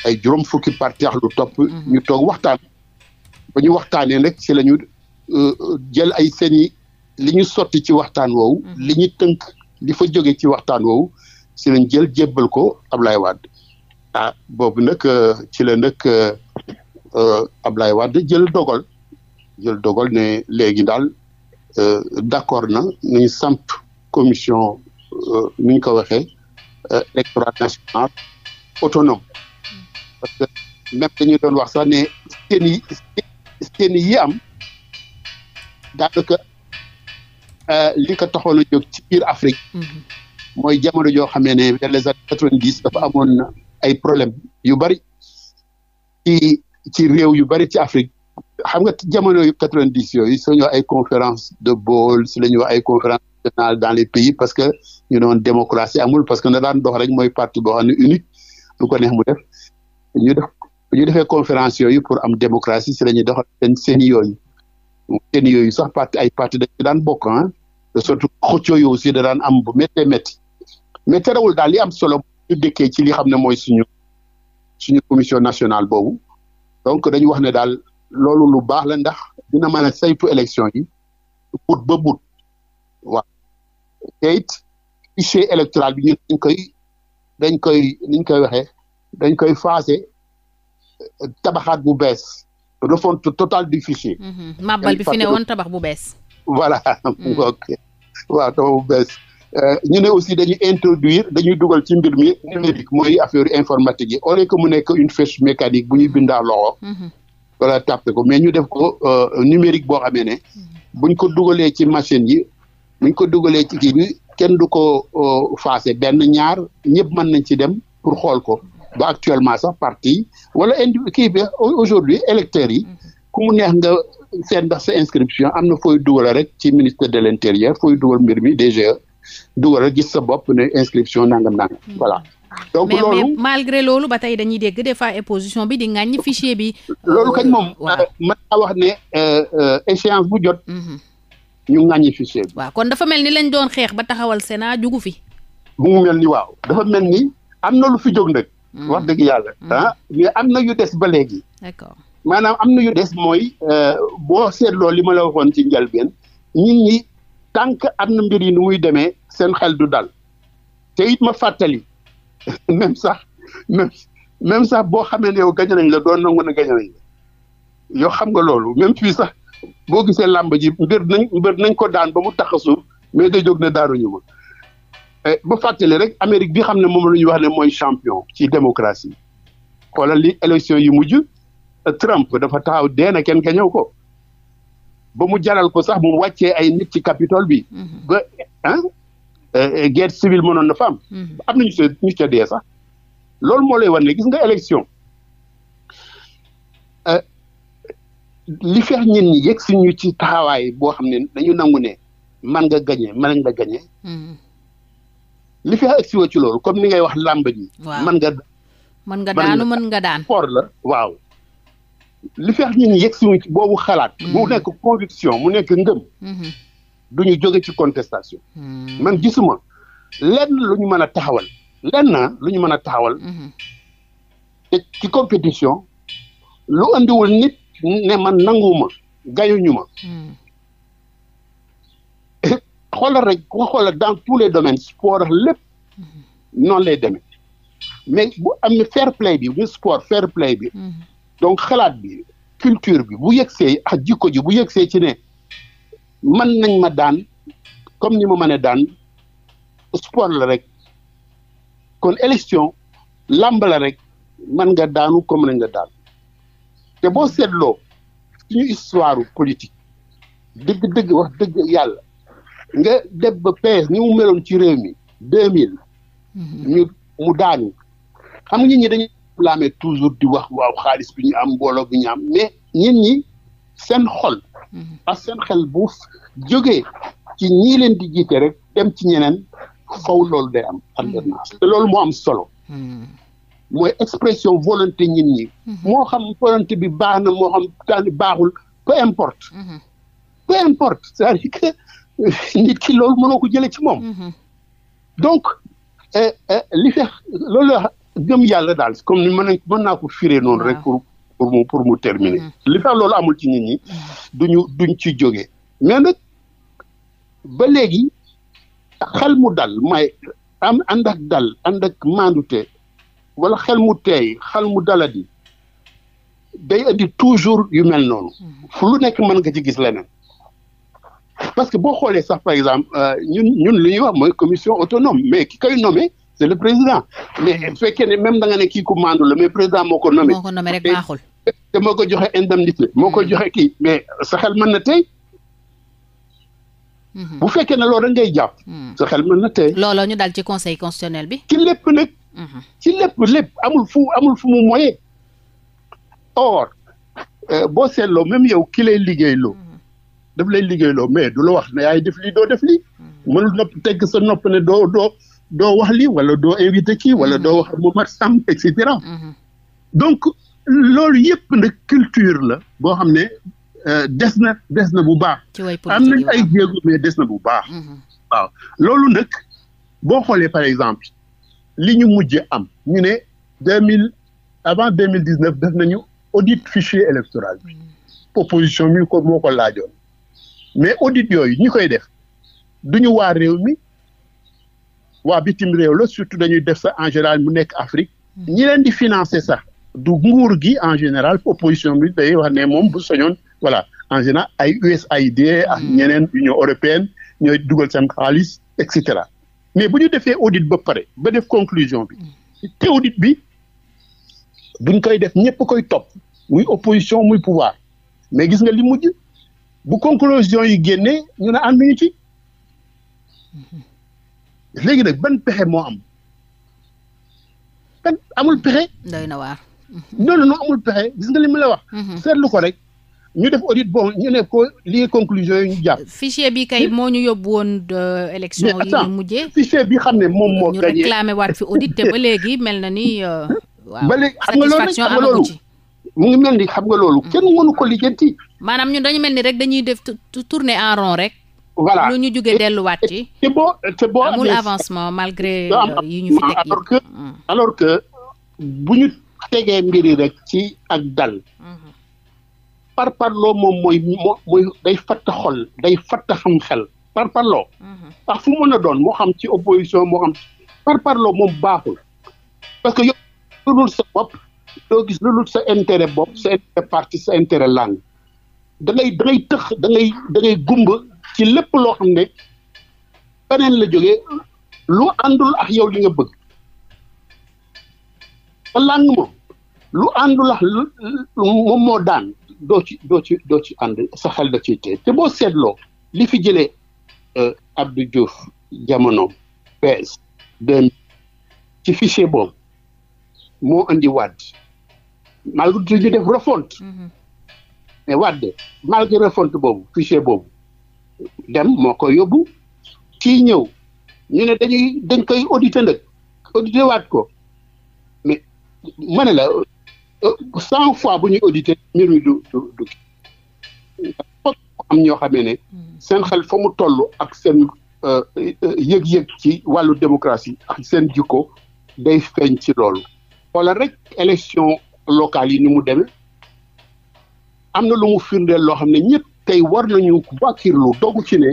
ay juróom fukki parti ak lu topp. Mhm. ñu toog waxtaan. ba ñu waxtaanee nag ci lañu ñu euh, jël ay seen li ñu sotti ci waxtaan woowu. Mhm. li ñu tënk li fa jóge ci waxtaan woowu ci lañ jël jébbal ko ablay Wade ah boobu nag euh, ci la nag euh, ablay Wade jël dogal jël dogal ne léegi daal d'accord na nañ samp commission ni ñu ko waxee électorat national autonome parce que même dañu doon wax sax ne seen yi seen yi am daanaka euh, li ko taxoon a jóg ci biir Afrique. Mhm. mooy jamono joo xamee ne vers les années quatre-vingt-dix dafa amoon ay problème yu bari ci ci réew yu bari ci Afrique. xam nga jamono yu quatre-vingt-dix yooyu su ñu wax ay conférence de Bâle su la ñuy wax ay conférence nationale dans les pays parce que ñu doon démocratie amul parce que na daan dox rek mooy parti boo xam ne unique lu ko neex mu def ñu def ñu defee conférence yooyu pour am démocratie si la ñuy doxal seen seen yooyu seen yooyu sax parti ay parti dañu daan bokk ah surtout xëccoo yi aussi da daan am bu méttee métti mais terewul daal li am solo ñu dëkkee ci li xam ne mooy suñu suñu commission national boobu donc dañu wax ne daal loolu lu baax la ndax dina mën a saytu élection yi but ba but waaw te it fichier électoral bi ñu dañ koy dañ koy niñ koy waxee dañ koy faase tabaxaat bu bees refonte totale du fichier. Mm-hmm. màbbal bi fi ne woon tabax bu bees. voilà. Mm. ok waaw tabax euh, ñu ne aussi dañuy introduire dañuy dugal ci mbir mi numérique mooy affaire informatique yi au lieu mu nekk une fiche mécanique bu ñuy bindaa loxo. wala ko mais ñu def ko euh, numérique boo xamee ne. Mm-hmm. buñ ko dugalee ci machine yi buñ ko dugalee ci kii bi kenn du ko euh, faase benn ñaar ñëpp mën nañ ci dem pour xool ko. ba actuellement sax parti wala indi kii bi aujourd'hui électeurs yi ku mu neex nga seet ndax sa inscription am na fooy dugal rek ci ministère de l'intérieur fooy dugal mbir mi DGE dugal rek gis sa bopp ne inscription nangam nangam mm. voilà donc loolu mais malgré loolu ba tey dañuy dégg des fois opposition bi di ŋàññi fichier bi. Euh, loolu kañ moom a euh, naa wax ne euh, échéance bu jot. Mm-hmm. ñu ŋàññi fichier bi. waaw kon dafa mel ni lañ doon xeex ba taxawal Sénat jugu fi. mu mel ni waaw dafa mel ni am na lu fi jóg Mm. wax dëgg yàlla. Mm. ah mais am na yu des ba léegi. d'accord maanaam am na yu des mooy euh, boo seetloo li ma la waxoon ci njëlbeen nit ñi tant que am na mbir yi nu muy demee seen xel du dal te it ma fàttali même sax même même sax boo xamee ne yow gañ nañ la doon nangu na gañ nañ la yow xam nga loolu même fii sax boo gisee làmb ji mbir nañ mbir nañ ko daan ba mu tax a suuf mais day jóg ne daaruñu ma. Eh, ba fàttali rek Amérique bi xam ne moom la ñuy wax ne mooy champion ci démocratie xoolal li élection yi mujj eh, Trump dafa taxaw dee na kenn ka ñëw ko ba mu jaral ko sax mu wàccee ay nit ci Capitole bi. Mm-hmm. ba ah guerre civile mënoon na fa am. Mm-hmm. na ñu ca ñu dee sax loolu moo lay wan ne gis nga élection li fex ñin ñi yegg si ñu ci taxawaay boo xam ne dañu nangu ne man nga gañe man nga gañe li fi agsi ci loolu comme ni ngay wax làmb ji. man nga. mën nga daanu mën nga daan sport la waaw. li feex ñu ni yegsiwuñ boobu xalaat. Mm-hmm. bu nekk conviction mu nekk ngëm. Mm-hmm. du ñu jóge ci contestation. Mm-hmm. man gisuma lenn lu ñu mën a taxawal. na lu ñu mën a taxawal. te ci compétition lu andiwul nit ne man nanguwuma gayuñu ma. xoolal rek ku ko xoola dans tous les domaines sport ak lépp noonu lay demee mais bu amee fair play bi bu sport fair play bi. Mhm. donc xalaat bi culture bi bu yegsee ak jikko ji bu yegsee ci ne mën nañ ma daan comme ni ma mëne daan sport la rek kon élection làmb la rek mën nga daanu comme nañ nga daan te boo seetloo suñu histoire politique dëgg-dëgg wax dëgg yàlla. nga dem ba PS ni mu meloon ci réew mi deux mille. Mhm. ñu mu daanu. xam nga nit ñi dañuy toujours di wax waaw xaalis bi ñu am mbooloo bi ñu am mais ñen ñi seen xol. Mhm. ak seen xel bu jógee ci ñii leen di jiite rek dem ci ñeneen faw lool day am mhm. alternance te loolu moo am solo. mooy expression volonté ñin ñi. moo xam volonté bi baax na moo xam daan baaxul peu importe. peu importe nit ki loolu mën a ko jëlee ci moom. Mhm. donc eh, eh, li fex loolu la gëm yàlla daal comme ni mën mën naa ko firee noonu rek pour pour mu pour mu mhm. loolu amul ci nit ñi mhm. duñu duñ ci jógee mais nag ba léegi xel mu dal may am ànd ak dal ànd ak wala xel mu teey xel mu daladi day indi toujours yu mel noonu fu lu nekk mën nga ci gis leneen. parce que boo xoolee sax par exemple euh, ñun ñun lu ñuy wax mooy commission autonome mais ki koy nommé c'est le président mais mm-hmm. fekkee ne même da nga ne kii ku mandu la mais président moo ko nommé. moo ko nommé rek baaxul. te moo ko joxe indemnité. moo ko mm-hmm. joxe kii mais saxel man na tey. Mm-hmm. bu fekkee ne loolu rek ngay jàpp. sa xel mën na tey. looloo ñu dal ci conseil constitutionnel bi. ci lépp nag. ci lépp lépp amul fu amul fu mu moyee. or euh, boo seetloo même yow ki lay liggéeyloo. daf lay liggéeyloo mais du la wax ne yaay def lii doo def lii mm-hmm. mënul nopp tegg sa nopp ne doo doo doo wax lii wala doo invité kii wala mm-hmm. doo wax mu mat sàmm et cetera mm-hmm. donc loolu yëpp nag culture la boo xam ne euh, des na des na bu baax am nañ ay jéego mais des na bu baax waaw loolu nag boo xoolee par exemple li ñu mujjee am ñu ne deux mille avant deux mille dix neuf def nañu audit fichier électoral bi opposition bi ko moo ko laajoon mais audit yooyu ñu koy def duñu waa réew mi waa bitim réew la surtout dañuy def sa en général mu nekk Afrique ñi leen di financer sax du nguur gi en général opposition bi day wax ne moom bu soñoon voilà en général ay ay ak hmm. ñeneen Union européenne ñooy dugal seen xaalis et cetera mais bu ñu defee audit ba pare ba def conclusion bi te audit bi duñ koy def ñëpp koy topp muy opposition muy pouvoir mais gis nga li mujj bu conclusion yi génnee ñu ne ànd ñu ci léegi nag ban pexe moo am ban amul pexe. doy na waar. noonu non amul pexe gis nga li mu la wax. Mhm. seetlu ko rek ñu def audit bon ñu ne ko lii conclusion yi ñu jàpp. fichier bi kay moo ñu yóbbu woon de euh, élection yi ñu mujjee fichier bi xam ne moom moo. gagné ñu réclamé waat fi audit te ba léegi mel na ni. Euh, waaw satisfaction amagu ci ba léegi xam nga loolu mu ngi mel ni xam nga loolu mm. kenn mënu ko lijjanti. maanaam ñun dañu mel ni rek dañuy def tourner en rond rek. voilà lu ñu jógee delluwaat ci. te boo te boo amul avancement malgré euh, yi ñu fi teg alors mm. alors que bu ñu tegee mbiri rek ci ak dal. Mm-hmm. par loo moom mooy mooy day fatt xol day fatt xam xel par loo mm-hmm. ndax fu mën a doon moo xam ci opposition moo xam par parloo moom baaxul parce que yow sa bopp. doo gis lu dul sa intérêt bopp sa intérêt parti sa intérêt langue dangay ngay da ngay tëx da gumba ci lépp loo xam ne beneen la jógee lu àndul ak yow li nga bëgg te langue moom lu àndul ak moom moo daan doo ci doo ci doo ci ànd sa xel da ciy tee te boo seetloo li fi jëlee euh, Abdou Diouf jamono PS deux ci fichier boobu moo andi waat malgré ñu def refonte. Mhm. mais Wade malgré refonte boobu fichier boobu dem moo ko yóbbu kii ñëw ñu ne dañuy dañ koy auditer nag auditer waat ko mais ma la cent fois bu ñuy auditer mbir mi du du du am ñoo xamee ne mhm. seen xel fa mu toll ak seen euh, yëg-yëg ci wàllu démocratie ak seen jikko day feeñ ci loolu. wala rek élection locales yi ni mu demee am na lu mu firndeel loo xam ne ñëpp tey war nañu wàkkirlu dogu ci ne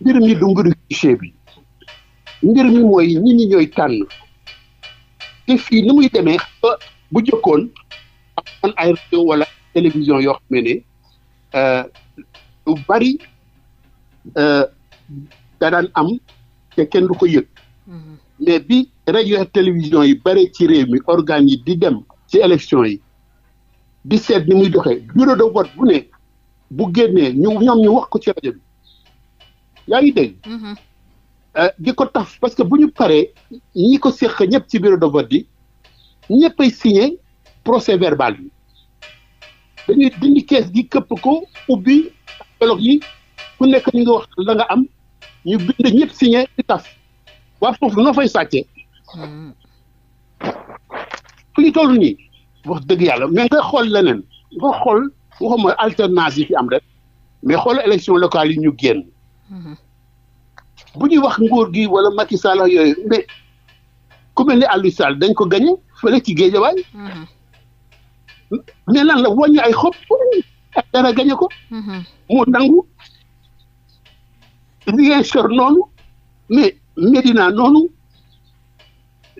mbir mi du mbiru guichet bi mbir mi mooy ñi ñi ñooy tànn te fii ni muy demee bu jëkkoon am ay rajo walla télévision yoo xam ne euh, lu bari euh, da daan am te kenn du ko yëg mm-hmm. mais bi rajo télévision yi bare ci réew mi organes yi di dem ci élection yi di seet ni muy doxee bureau de vote bu ne bu génnee ñu ñoom ñu wax ko ci rajo bi yaa ngi dégg. Mm-hmm. Euh, di ko taf parce que bu ñu paree ñi ko séq ñëpp ci bureau de vote bi ñëpp ay signé procès verbal bi dañuy dindi kees gi këpp ko ubbi dialogue yi ku nekk ñu ngi wax la nga am ñu bind ñëpp signé di taf waa foofu noo fay sàccee. Mm-hmm. fu ñu toll nii wax dëgg yàlla mais nga xool leneen nga xool waxuma alternance yi am rek mais xool élection locale yi ñu génn mhm. bu ñuy wax nguur gi wala Macky Sall ak yooyu mais ku mel ni Aliou dañ ko gañe fële ci Géejawaay mhm. mais lan la wàññi ay xob dara gañe ko mhm. mu nangu Ziguinchor noonu mais Médina noonu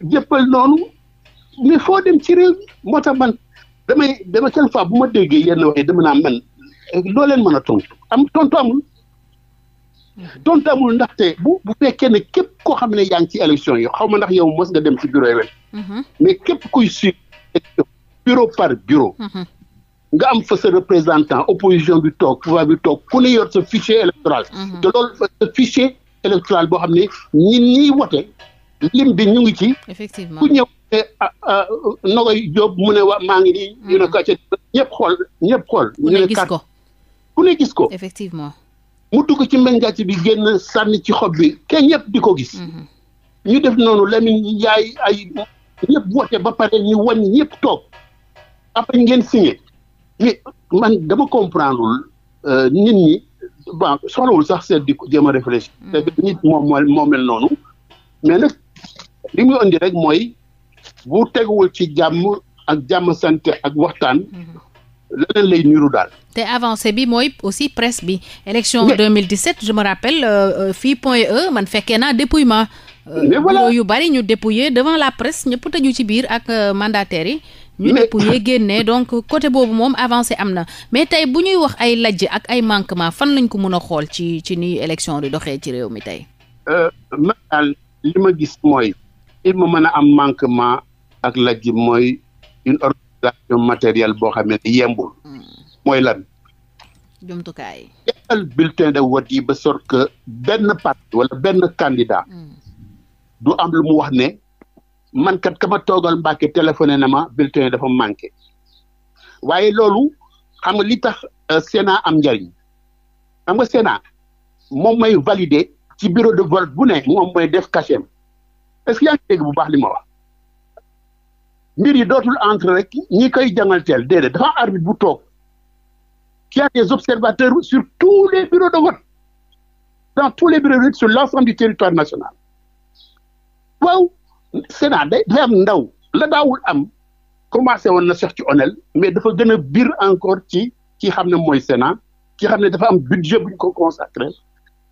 Dieuppeul noonu mais foo dem ci réew mi moo tax man damay dama quelque fois bu ma déggee yenn wax yi dama man eh, loo leen mën a tontu am tontu amul. tontu amul ndaxte bu bu fekkee ne képp koo xam ne yaa ngi ci élection yi xaw ma ndax yow mos nga dem ci mm-hmm. képp kuy suivre bureau par mm-hmm. am fa sa représentant opposition bi toog pouvoir bi toog ku ne yor sa fichier électoral. Mm-hmm. te loolu sa fichier électoral boo xam ne ñi ñiy wote lim bi ñu ngi ci. effectivement ku ñëw. Ah, ah, Ndogoy Diop mu ne wa maa ngi nii. Mm. ñëpp xool ñëpp xool. ñu ne gis ku ne gis ko. effectivement. mu dugg ci mbéngàcc bi génn sànni ci xob bi kenn ñëpp di ko gis. Mm-hmm. ñu def noonu Lamine Ndiaye ay ñëpp woote ba pare ñu wàññi ñëpp toog après ngeen signé mais man dama comprendre euh, nit ñi bon soxlawul sax seet di ko jéem a réfléchir. Mm-hmm. moom mel noonu mais nag li muy indi rek mooy. bu teguwul ci jàmm ak jàmm sant ak waxtaan. leneen lay niru daal. te avancé bi mooy aussi presse bi. élection 2017 je me rappelle euh, euh, fii point E man fekkee naa dépouillement. Euh, mais yu bari ñu dépouillé devant la presse ñëpp tëju ci biir ak mandataires yi. ñu dépouillé génnee donc côté boobu moom avancé am na mais tey bu ñuy wax ay lajj ak ay manquement fan lañ ko mën a xool ci ci ni élection di doxee ci réew mi tey. man daal li ma gis mooy il ma mën a am manquement. ak lajj mooy une organisation matérielle boo xam ne yembul. mooy lan. jumtukaay. jël bulletin de vote ba sort que benn parti wala benn candidat. Mm. du am lu mu wax ne man kat ka ma toogal Mbàkke téléphoné na ma bulletin dafa manqué waaye loolu xam nga li tax euh, Sénat am njariñ am nga Sénat moom mooy validé ci bureau de vote bu ne moom mooy def cachet est-ce que bu baax li mbir yi dootul entre rek ñi koy jàngalteel déedéet dafa arbitre bu toog qui a des observateurs sur tous les bureaux de vote dans tous les bureaux de vote sur l'ensemble du territoire national waw Sénat day dafa am ndaw la daawul am commencé woon na sax ci onel mais dafa gën a biir encore ci ki xam ne mooy Sénat ki xam ne dafa am budget bu ñu ko consacré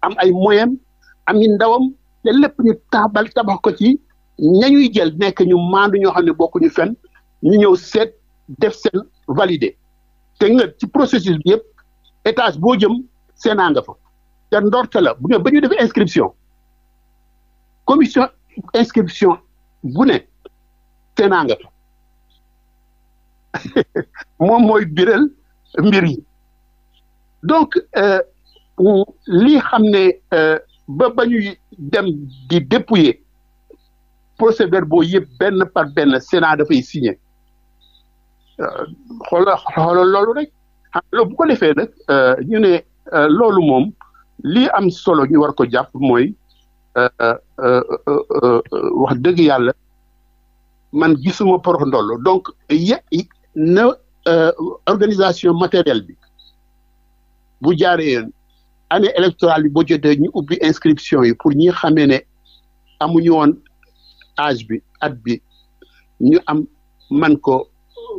am ay moyens am ndawam te lépp ñu taabal tabax ko ci ña ñañuy jël nekk ñu maandu ñoo xam ne bokkuñu fenn ñu ñëw seet def seen validé te nga ci processus bi yëpp étage boo jëm seenaa nga fa ba ñu def inscription commission inscription bu ne seenaa nga fa moom mooy biral mbir yi donc euh, li xam ne euh, ba ba ñuy dem di dépouiller procès-verbaux yëpp benn par benn Sénat dafay signé euh, xoolal xoolal loolu rek ah, loolu bu ko defee nag euh, ñu ne euh, loolu moom lii am solo ñu war ko jàpp mooy wax dëgg yàlla man gisuma porox ndollo donc ya na organisation matérielle bi bu jaaree yoon année électorale bi boo jotee ñu ubbi inscription yi pour ñi xamee ne amuñu woon âge bi at bi ñu am man ko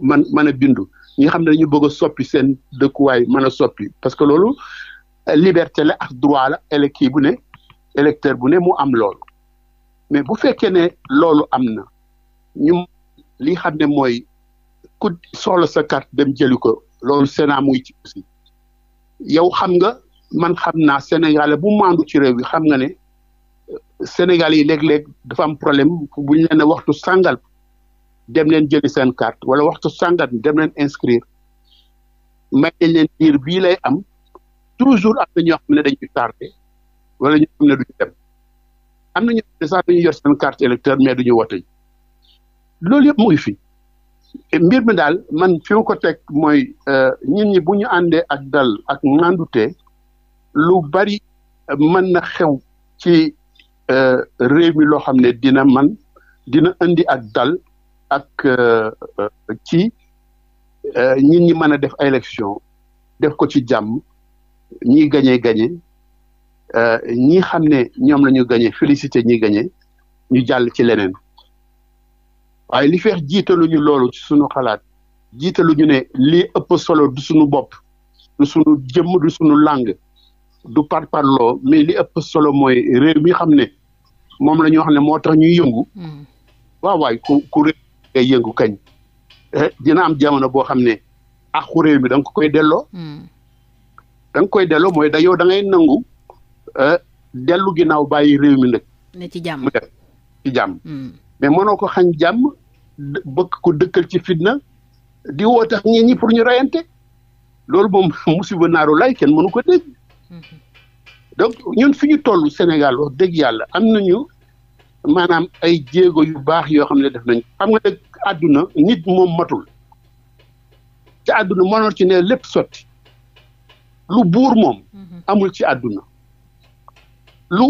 man mën a bindu ñi xam ne dañu bëgg a soppi seen dëkkuwaay mën a soppi parce que loolu liberté la ak droit la électeur bu ne électeur bu ne mu am loolu mais bu fekkee ne loolu am na ñu li xam ne mooy ku soxla sa carte dem jëli ko loolu Sénat muy ci aussi yow xam nga man xam naa Sénégalais bu maandu ci réew yi xam nga ne Sénégal yi léeg-léeg dafa am problème bu ñu leen ne waxtu sàngal dem leen jëli seen carte wala waxtu sàngal dem leen inscrire may nañ leen diir bii lay am toujours am na ñoo xam ne dañuy tardé dem am na ñoo xam ne sax dañuy yor seen carte électeur du ñu wote loolu yëpp mu ngi fi mbir mi daal man fi ma ko teg mooy ñun euh, ñi bu ñu àndee ak dal ak ngandute lu bari man na xew ci Euh, réew mi loo xam ne dina man dina indi ak dal ak ci euh, ñit euh, ñi mën a def élection def ko ci jàmm ñi gañe gañe ñi xam ne ñoom lañu ñu gañe félicité ñi gañe ñu jàll ci leneen waaye li feex jiitaluñu loolu ci suñu xalaat jiitaluñu ne lii ëpp solo du suñu bopp du suñu jëmm du suñu làng du par parloo mais li ëpp solo mooy réew mi xam ne moom la ñu wax ne moo tax ñuy yëngu. Hmm. waaw waay ku ku réew ngay yëngu kañ. Eh, dina am jamono boo xam ne àqu réew mi da ko koy delloo. Hmm. da koy delloo mooy da yow da nangu eh, dellu ginnaaw bàyyi réew mi nag. ne ci ci jàmm. Hmm. mais mënoo ko xañ jàmm bëgg ko dëkkal ci fitna di woo tax ñi ñi pour ñu rayante loolu moom musiba naaru lay kenn mënu ko dégg. donc ñun fi ñu toll Sénégal wax dëgg yàlla am nañu maanaam ay jéego yu baax yoo xam ne def nañ xam nga nag àdduna nit moom matul ci àdduna mënoon ci ne lépp sotti lu buur moom mhm. amul ci àdduna lu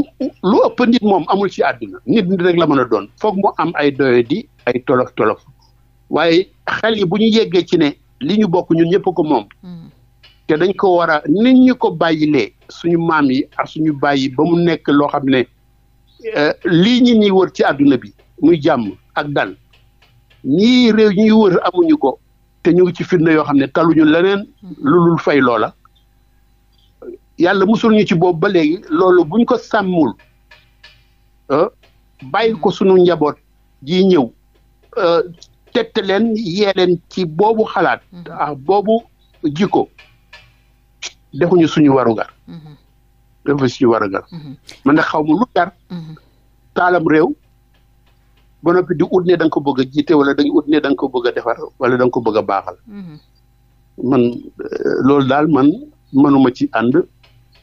lu ëpp nit moom amul ci àdduna nit nit rek la mën a doon foog mu am ay doyadi ay tolof tolof waaye xel yi bu ñu yeggee ci ne li ñu bokk ñun ñëpp ko moom mhm. te dañ ko war a nit ñi ko bàyyilee suñu maam yi ak suñu bàyyi ba mu nekk loo xam ne euh, lii ñi ñuy wër ci àdduna bi muy jàmm ak dal ñii réew ñuy wër amuñu ko te ñu ngi ci firnde yoo xam ne taluñu leneen lulul fay loola yàlla musul ñu ci boobu ba léegi loolu buñ ko sàmmul euh, bàyyi ko suñu njaboot ji ñëw euh, tette leen yee leen ci boobu xalaat ah boobu jikko defuñu suñu warugar. Mhm. defuñu suñu warugar. Mhm. man nag xaw ma lu jar. Mhm. taalam réew. ba noppi di ut ne da nga ko bëgg a wala da nga ut da nga ko bëgg a defar wala da nga ko bëgg a baaxal. man euh, daal man mënuma ci ànd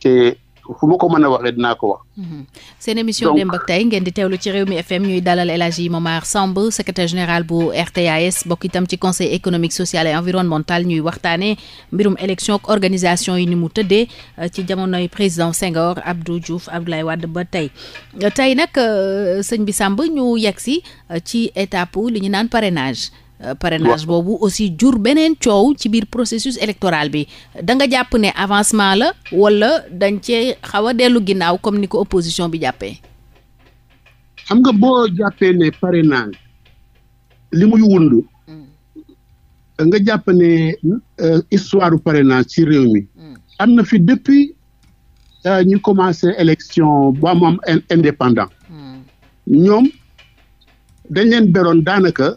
te fu ma ko mën a waxee dinaa ko wax. Mhm. seen émission Demb ak Tay ngeen di teewlu ci Rewmi FM ñuy dalal El Hadji Samb secrétaire général bu RTAS bokk itam ci conseil économique social et environnemental ñuy waxtaanee mbirum élection organisation yi ni mu tëddee euh, ci jamonoy président Senghor Abdou Diouf Abdoulaye Wade ba tey euh, tey nag euh, sëñ bi Samb ñu yegg si ci étape li ñu naan parrainage. Euh, parrainage boobu aussi jur beneen coow ci biir processus électoral bi da nga jàpp ne avancement la wala dañ cee xaw a dellu ginnaaw comme ni ko opposition bi jàppee. xam nga boo jàppee ne parrainage li muy wund. Hmm. nga jàpp ne euh, histoire du parrainage ci réew mi. Hmm. am na fi depuis euh, ñu commencé élection ba mu am indépendant. Hmm. ñoom dañ leen beroon daanaka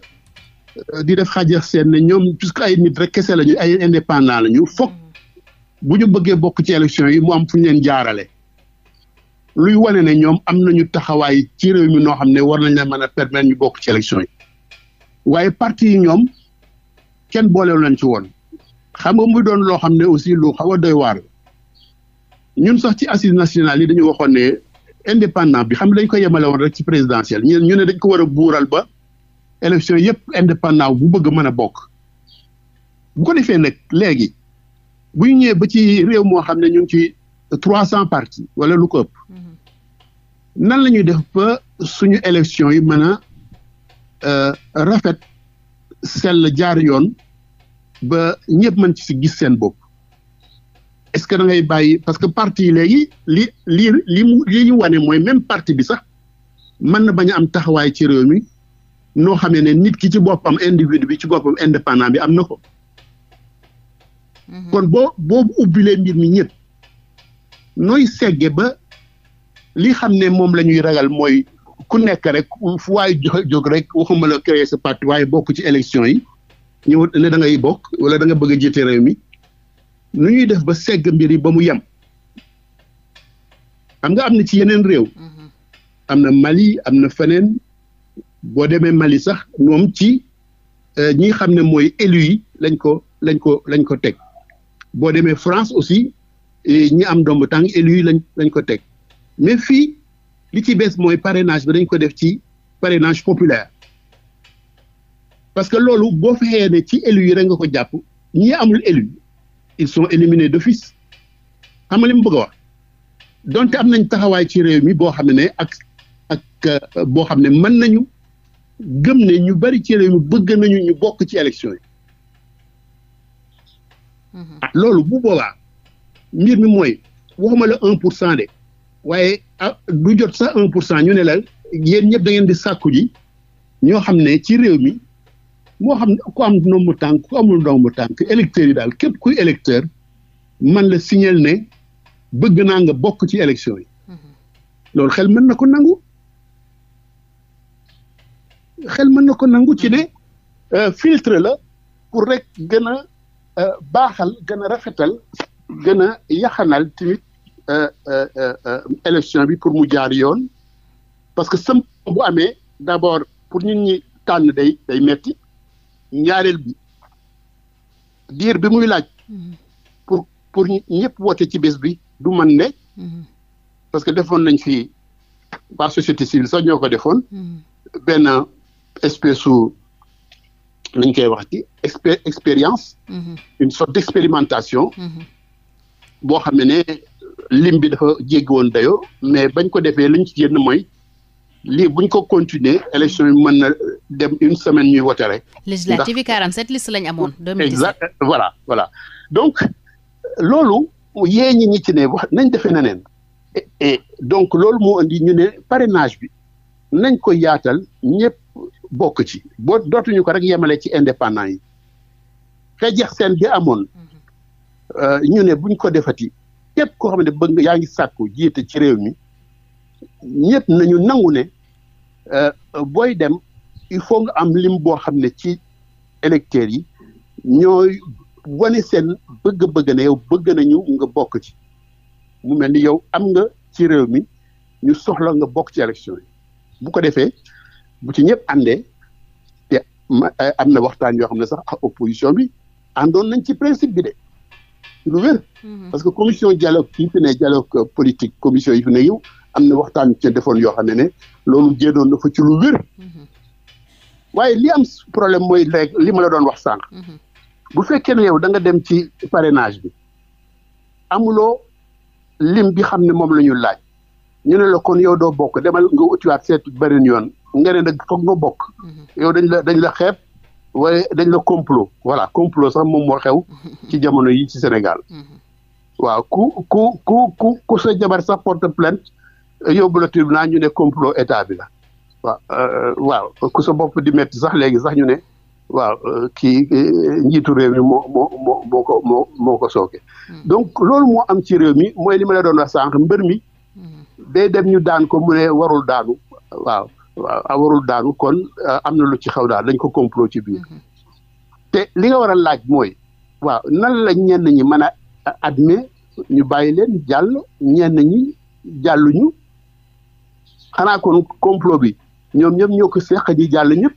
Euh, di def xaajax seen ne ñoom puisque ay nit rek kese lañu ay indépendant lañu foog bu ñu bëggee bokk ci élection yi mu am fu ñu leen jaarale luy wane ne ñoom am nañu taxawaay ci réew mi noo xam ne war nañ la mën a permettre ñu bokk ci élection yi waaye parti ñoom kenn booleel lañ ci woon xam nga muy doon loo xam ne aussi lu xaw a doy waar ñun sax ci assise national yi dañu waxoon ne indépendant bi xam dañ ko yemale woon rek ci présidentielle ñu ne dañ ko war a buural ba élection yëpp indépendant bu bëgg mën a bokk bu ko defee nag léegi bu ñu ñëwee ba ci réew moo xam ne ñu ngi ci trois cent partis wala lu ko ëpp mhm. nan la ñuy def ba suñu élection yi mën a euh, rafet sell jaar yoon ba ñëpp mën ci si gis seen bopp est-ce que da ngay bàyyi parce que parti léegi li li li mu li wane mooy même partie bi sax mën na bañ am taxawaay ci réew mi noo xamee ne nit ki ci boppam individu bi ci boppam indépendant bi am na ko. kon boo boo ubbilee mbir mi ñëpp nooy segge ba li xam ne moom la ñuy ragal mooy ku nekk rek fu waay jóg rek waxuma la créer sa parti waaye bokk ci élection yi ñëw ne dangay bokk wala danga nga bëgg a jiite réew mi nu ñuy def ba segg mbir yi ba mu yem am nga am na ci yeneen réew. Mm-hmm. am na Mali am na feneen boo demee Mali sax moom ci euh, ñi nga xam ne mooy élu yi lañ ko lañ ko lañ ko teg boo demee France aussi ñi am ndomb tàng élu yi lañ lañ ko teg mais fii li ci bees mooy parrainage bi dañ ko def ci parrainage populaire parce que loolu boo fexee ne ci élu yi rek nga ko jàpp ñi amul élu ils sont éliminés de xam ama li mu bëgg wax donte am nañ taxawaay ci réew mi boo xam ne ak ak euh, boo xam ne mën nañu gëm ne ñu bari ci réew mi bëgg nañu ñu bokk ci élection yi. Mhm. ah loolu bu boobaa mbir mi mooy waxuma la un pour cent de waaye ah, du jot sax un pour cent ñu ne la yéen ñëpp da ngeen di sàkku ji ñoo xam ne ci réew mi moo xam ku am ndombu tànk ku amul ndombu tànk électeurs yi daal képp kuy électeur man la signal ne bëgg naa nga bokk ci élection yi. Mhm. loolu xel mën na ko nangu. xel mën na ko nangu ci ne euh, filtre la pour rek gën a euh, baaxal gën a rafetal gën a yaxanal tamit euh, élection bi pour mu jaar yoon parce que sëm mu amee d'abord pour nit ñi tànn day day metti ñaareel bi diir bi muy laaj pour pour ñëpp woote ci bés bi du mën ne parce que defoon nañ fi waa société civile sax ñoo ko defoon mm-hmm. benn espèce u nañ koy wax ci expé expérience mm-hmm. une sorte d'expérimentation mm-hmm. boo xam ne lim bi dafa jéggi woon dayoo mais bañ ko defee liñ ci génn mooy lii buñ ko continuer élection yi mën na dem une semaine ñuy wote rek. législative yi 47 liste lañ amoon. 2017 voilà voilà donc loolu yee ñi ñi ci ne nañ defe na neen et donc loolu moo indi ñu ne parrainage bi nañ ko yaatal ñëpp bokk ci boo dootuñu ko rek yemale ci indépendant yi xeejeex seen bi amoon euh, ñu ne buñ ko defati képp ko xam ne bëgg yaa ngi sàkku jiite ci réew mi ñëpp nañu nangu ne euh, booy dem il faut nga am lim boo xam ne ci électeurs yi ñooy wane seen bëgg-bëgg na yow bëgg nañu nga bokk ci mu mel ni yow am nga ci réew mi ñu soxla nga bokk ci élection yi bu ko defee bu ci ñëpp àndee te eh, am na waxtaan yoo xam ne sax ak opposition bi àndoon nañ ci principe bi de lu wér. Mhm. parce que commission dialogue yi fi ne dialogue politique commission yi fi ne yow am na waxtaan ci defoon yoo xam ne ne loolu jéedoon na fa ci lu wér. Mhm. waaye li am problème mooy léegi li ma doon wax sànq. Mhm. bu fekkee ne yow danga dem ci parrainage bi amuloo lim bi xam ne moom la ñu laaj ñu ne la yow doo bokk demal nga utiwaat seetu beneen yoon nga ne nag foog nga bokk. Mhm. yow dañ la dañ la xeeb waaye dañ la complot voilà complot sax moom moo xew ci jamono yi ci Sénégal. Mhm. waaw ku ku ku ku ku sa jabar sax porte plainte yóbbu la tribunal ñu ne complot état bi la waaw euh, waaw ku sa bopp di métti sax léegi sax ñu ne. waaw euh, kii euh, njiitu réew mi moo moo moo moo ko moo sooke mhm. donc loolu moo am ci réew mi mooy li ma la doon a sànq mbër mi day dem ñu daan ko mu warul daanu waaw waaw warul daanu kon euh, am na lu ci xaw daal dañ ko complot ci biir mhm. te li nga war a laaj mooy waaw nan la ñenn ñi mën a admet ñu bàyyi leen jàll ñenn ñi jàlluñu xanaa kon complot bi ñoom ñëpp ñoo ko seq ñi jàll ñëpp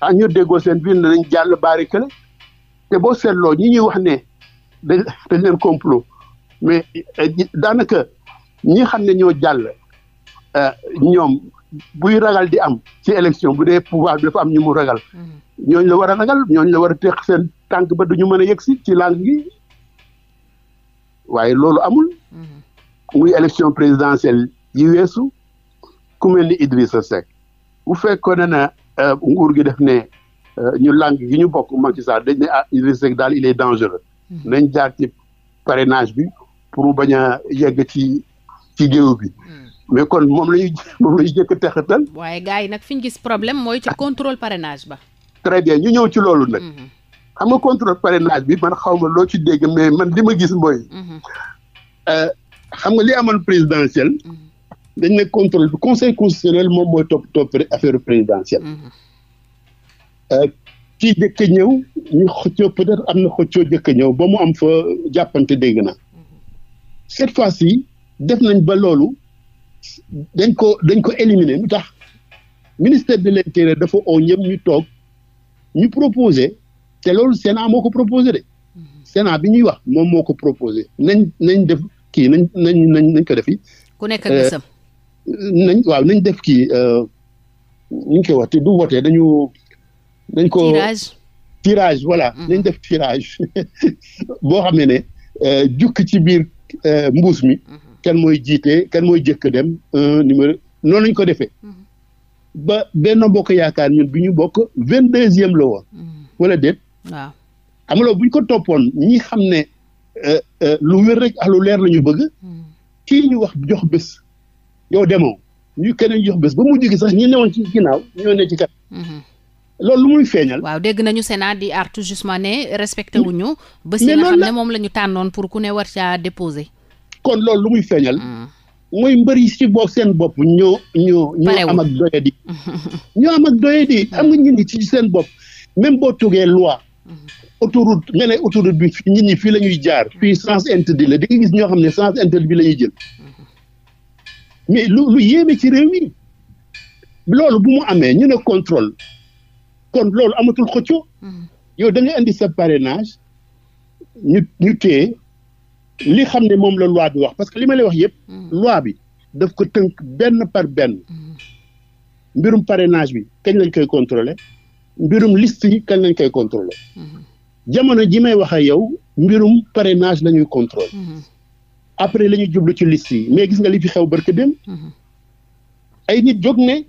a ah, ñu déggoo seen biir ne dañ jàll baari kële te boo seetloo ñi ñuy wax ne dañ leen complot mais eh, daanaka ñi xam ne ñoo jàll Euh, ñoom buy ragal di am ci élection bu dee pouvoir bi dafa am ñu mu ragal mhm. ñooñ la war a ragal ñooñ la war a teq seen tànk ba duñu mën a yegg si ci làng gi waaye loolu amul mhm. muy élection présidentielle yi weesu ku mel ni Idrissa Seck bu fekkoon ne euh, nguur gi def ne euh, ñu làng gi ñu bokk Macky Sall dañ ne ah Idrissa Seck daal il est dangereux mhm. nañ jaar ci parrainage bi pour mu bañ a yegg ci ci géew bi mais kon moom la ñuy moom la ñuy jëkk a texatal. waaye gars yi nag fi ñu gis problème mooy ci contrôle parrainage ba. très bien ñu ñëw ci loolu nag. Mhm. xam nga contrôle parrainage bi man xaw ma loo ci dégg mais man li ma gis mooy. Mhm. Euh, xam nga li amoon présidentiel. Mhm. dañ ne contrôle bi conseil constitutionnel moom mooy topp topp affaire présidentielle. Euh, kii jëkk ñëw ñu xëccoo peut am na xëccoo jëkk a ñëw ba mu am fa jàppante dégg na. cette fois-ci def nañ ba loolu. dañ ko dañ ko éliminer lu tax ministère de l'intérieur dafa oo ñëpp ñu toog ñu proposé te loolu Sénat moo ko proposé de Sénat bi ñuy wax moom moo ko proposé nañ nañ def kii nañ nañ nañ nañ ko def yi ku nekk ak gisam euh, nañ waaw nañ def kii euh, ñu ngi koy wax te du vote dañu dañ ko tirage tirage voilà mm-hmm. nañ def tirage boo xam ne ne euh, jukki ci biir mbuus mi mm-hmm. kan mooy jiite kenn mooy jëkk dem un noonu lañ ko defee mm-hmm. ba benn bokk yaakaar ñun bi ñu bokk vingt deuxième la woon mm-hmm. wala déet waaw xam nga ko toppoon ñi xam ne euh, euh, lu wér rek ak lu leer la ñu bëgg mm-hmm. kii ñu wax jox bés yow demoo ñu keneen jox bés ba mu jóge sax ñi newoon ci ginnaaw ñoo ne ci kat loolu muy feeñal. waaw dégg nañu Sénat di artu justement ne respecté wuñu. bés yi nga xam ne moom la ñu tànnoon pour ku ne war caa déposer. kon loolu lu muy feeñal. Mm. mooy mbër yi si boog seen bopp ñoo ñoo. ñoo am ak doyadi. ñoo am ak doyadi mm. am nga ñu ci seen bopp même boo tuggee loi. Mm. autoroute nga ne autoroute bi nit ñi fii la ñuy jaar fii sens interdit la di nga gis ñoo xam ne sens interdit bi la ñuy jël mais lu yéeme ci réew mi loolu bu mu amee ñu ne contrôle kon loolu amatul xëccoo yow da indi sa parrainage ñu ñu téye li xam ne moom la loi bi wax parce que li ma lay wax yépp mm. loi bi daf ko tënk benn par benn. Mm. mbirum parrainage bi kañ lañ koy contrôler mbirum list yi kañ lañ koy contrôler mm. jamono ji may wax ak yow mbirum parrainage la ñuy contrôler après la ñuy jublu ci liste yi mais gis nga li fi xew barke dem ay nit jóg ne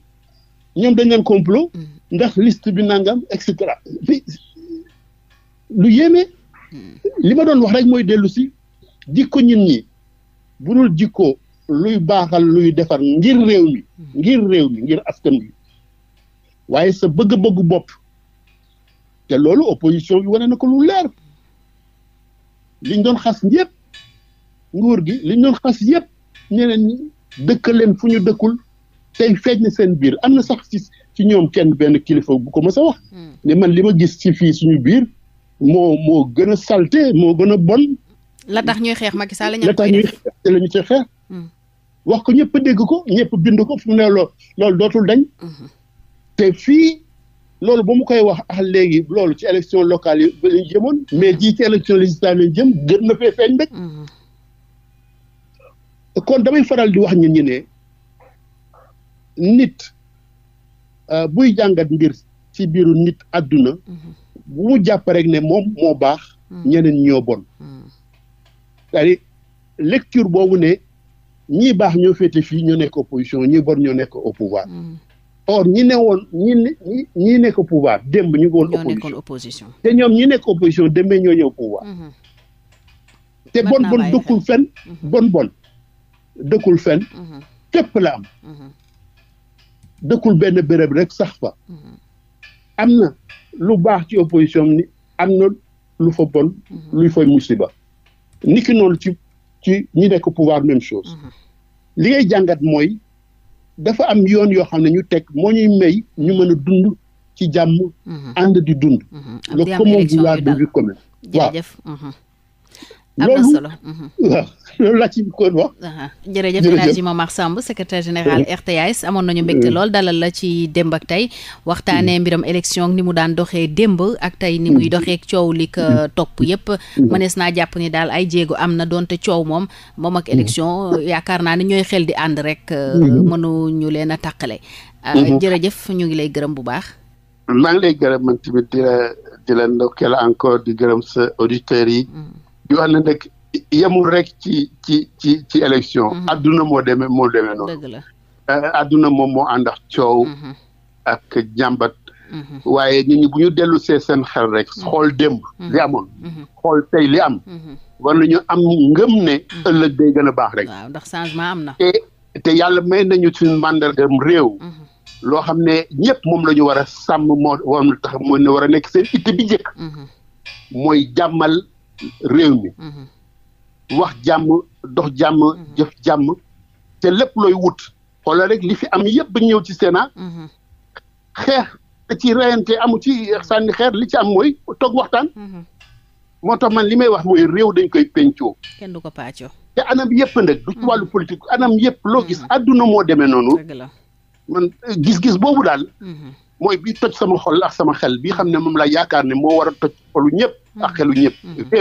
ñoom dañ leen complot ndax liste bi nangam et cetera lu yéeme li ma doon wax rek mooy dellusi jikko ñun ñi bu dul jikko luy baaxal luy defar ngir réew mi hmm. ngir réew mi ngir askan wi waaye sa bëgg bopp te loolu opposition bi wane na ko lu leer liñ doon xas yépp nguur gi liñ doon xas yépp ñeneen ñi dëkkaleen fu ñu dëkkul tey feeñ na seen biir am na sax ci ñoom kenn benn kilifa bu ko mës a wax hmm. ne man li ma gis ci fii suñu biir moo moo gën a salte moo gën a bon la tax ñuy xeex Macky Sall la tax hmm. wax ko ñëpp dégg ko ñëpp bind ko fu mu ne lool loolu dootul dañ. Hmm. te fii loolu ba mu koy wax ah léegi loolu ci élection locale yi lañ jëmoon. mais jii ci élection législative lañ jëm gën na fee feeñ rek. Hmm. kon damay faral di wax ñun ñu ne nit euh, buy jàngat ngir ci biiru nit àdduna. bu mu jàpp rek ne moom moo baax. ñeneen ñoo bon. cest à boobu ne ñi baax ñoo fete fii ñoo nekk opposition ñii bon ñoo nekk au pouvoir. Mm. or ñi ne woon ñi nekk au pouvoir ñu ngi opposition te ñoom ñi nekk opposition demee ñoo ñëw pouvoir. Mm-hmm. te mm-hmm. bon bon dëkkul fen bon bon mm-hmm. dëkkul fen fépp la am. dëkkul benn béréb rek sax fa. am na lu baax ci opposition am na lu fa bon. luy fay musiba. niki noonu ci ci ñi nekk pouvoir même chose. Mhm. li ngay jàngat mooy dafa am yoon yoo xam ne ñu teg moo ñuy may ñu mën a dund ci jàmm. Mhm. ànd di dund. Mhm. le commun vouloir du commun. waaw jërëjëf am na solo waaw. loolu laa ci bëggoon wax. jërëjëf El Hadji Momar Samb secretaire général RTA-S amoon nañu mbégte mm. lool dalal la ci démb ak tey waxtaanee mm. mbiram élection ni mu daan doxee démb ak tey ni muy mm. doxee coow li ko topp yépp mënees naa jàpp ni daal ay jéego am na doonte coow moom moom ak élection yaakaar naa ni ñooy xel di ànd rek. Euh, mm-hmm. mënuñu leen a tàqale. Euh, mm-hmm. jërëjëf ñu ngi lay gërëm bu baax. maa ngi lay gërëm man tamit di la di la ndokkeel encore di gërëm sa auditeurs yi. yemul rek ci ci ci ci élection. Mhm. adduna moo demee moo demee noonu. Euh, moom moo ànd coow. Mhm. ak jàmbat. Mhm. waaye nit ñi bu ñu dellu see seen xel rek xool démb li amoon. xool tey li am. war ñu am ngëm ne. ëllëg day gën a baax rek. ndax changement am na. te te yàlla may nañu suñu màndargam réew. loo xam ne ñëpp moom lañu ñu war a sàmm moo war ne war a nekk seen itte bi njëkk. mooy jàmmal réew mi. wax jàmm dox jàmm mhm. jëf jàmm te lépp looy wut xoolal rek li fi am yëpp ba ñëw ci Sénat mhm. xeex ci reyante amu ci sànni xeer li ci am mooy toog waxtaan mhm. moo tax man li may wax mooy réew dañ koy pencoo kenn du ko pàccoo te anam yëpp nag du ci wàllu politique anam yëpp loo gis àdduna moo demee noonu man eh, gis-gis boobu daal mooy bi toj sama xol ak sama xel bi xam ne moom laa yaakaar ne moo war a toj xolu ñëpp ak xelu ñëpp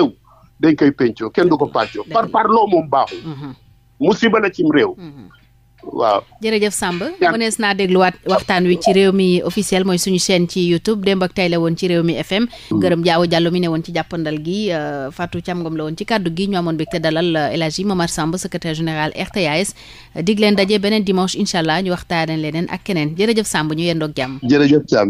dañ koy pencoo kenn du ko pàccoo par parloo moom baaxul mhm. musiba la cim réew mhm. waaw jërëjëf Samb mënees naa dégluwaat waxtaan wi ci réew mi officiel mooy suñu chaîne ci YouTube démb ak tey la woon ci réew mi FM mm. gërëm jaaw jàllo mi ne woon ci jàppandal gi euh, Fatou Thiam Ngom la woon ci kàddu gi ñu amoon bégte dalal euh, El Hadji Momar Samb secretaire général RTAS dig leen daje beneen dimanche incha allah ñu waxtaanee leneen ak keneen jërëjëf Samb ñu yendoog jàmm jërëjëf Thiam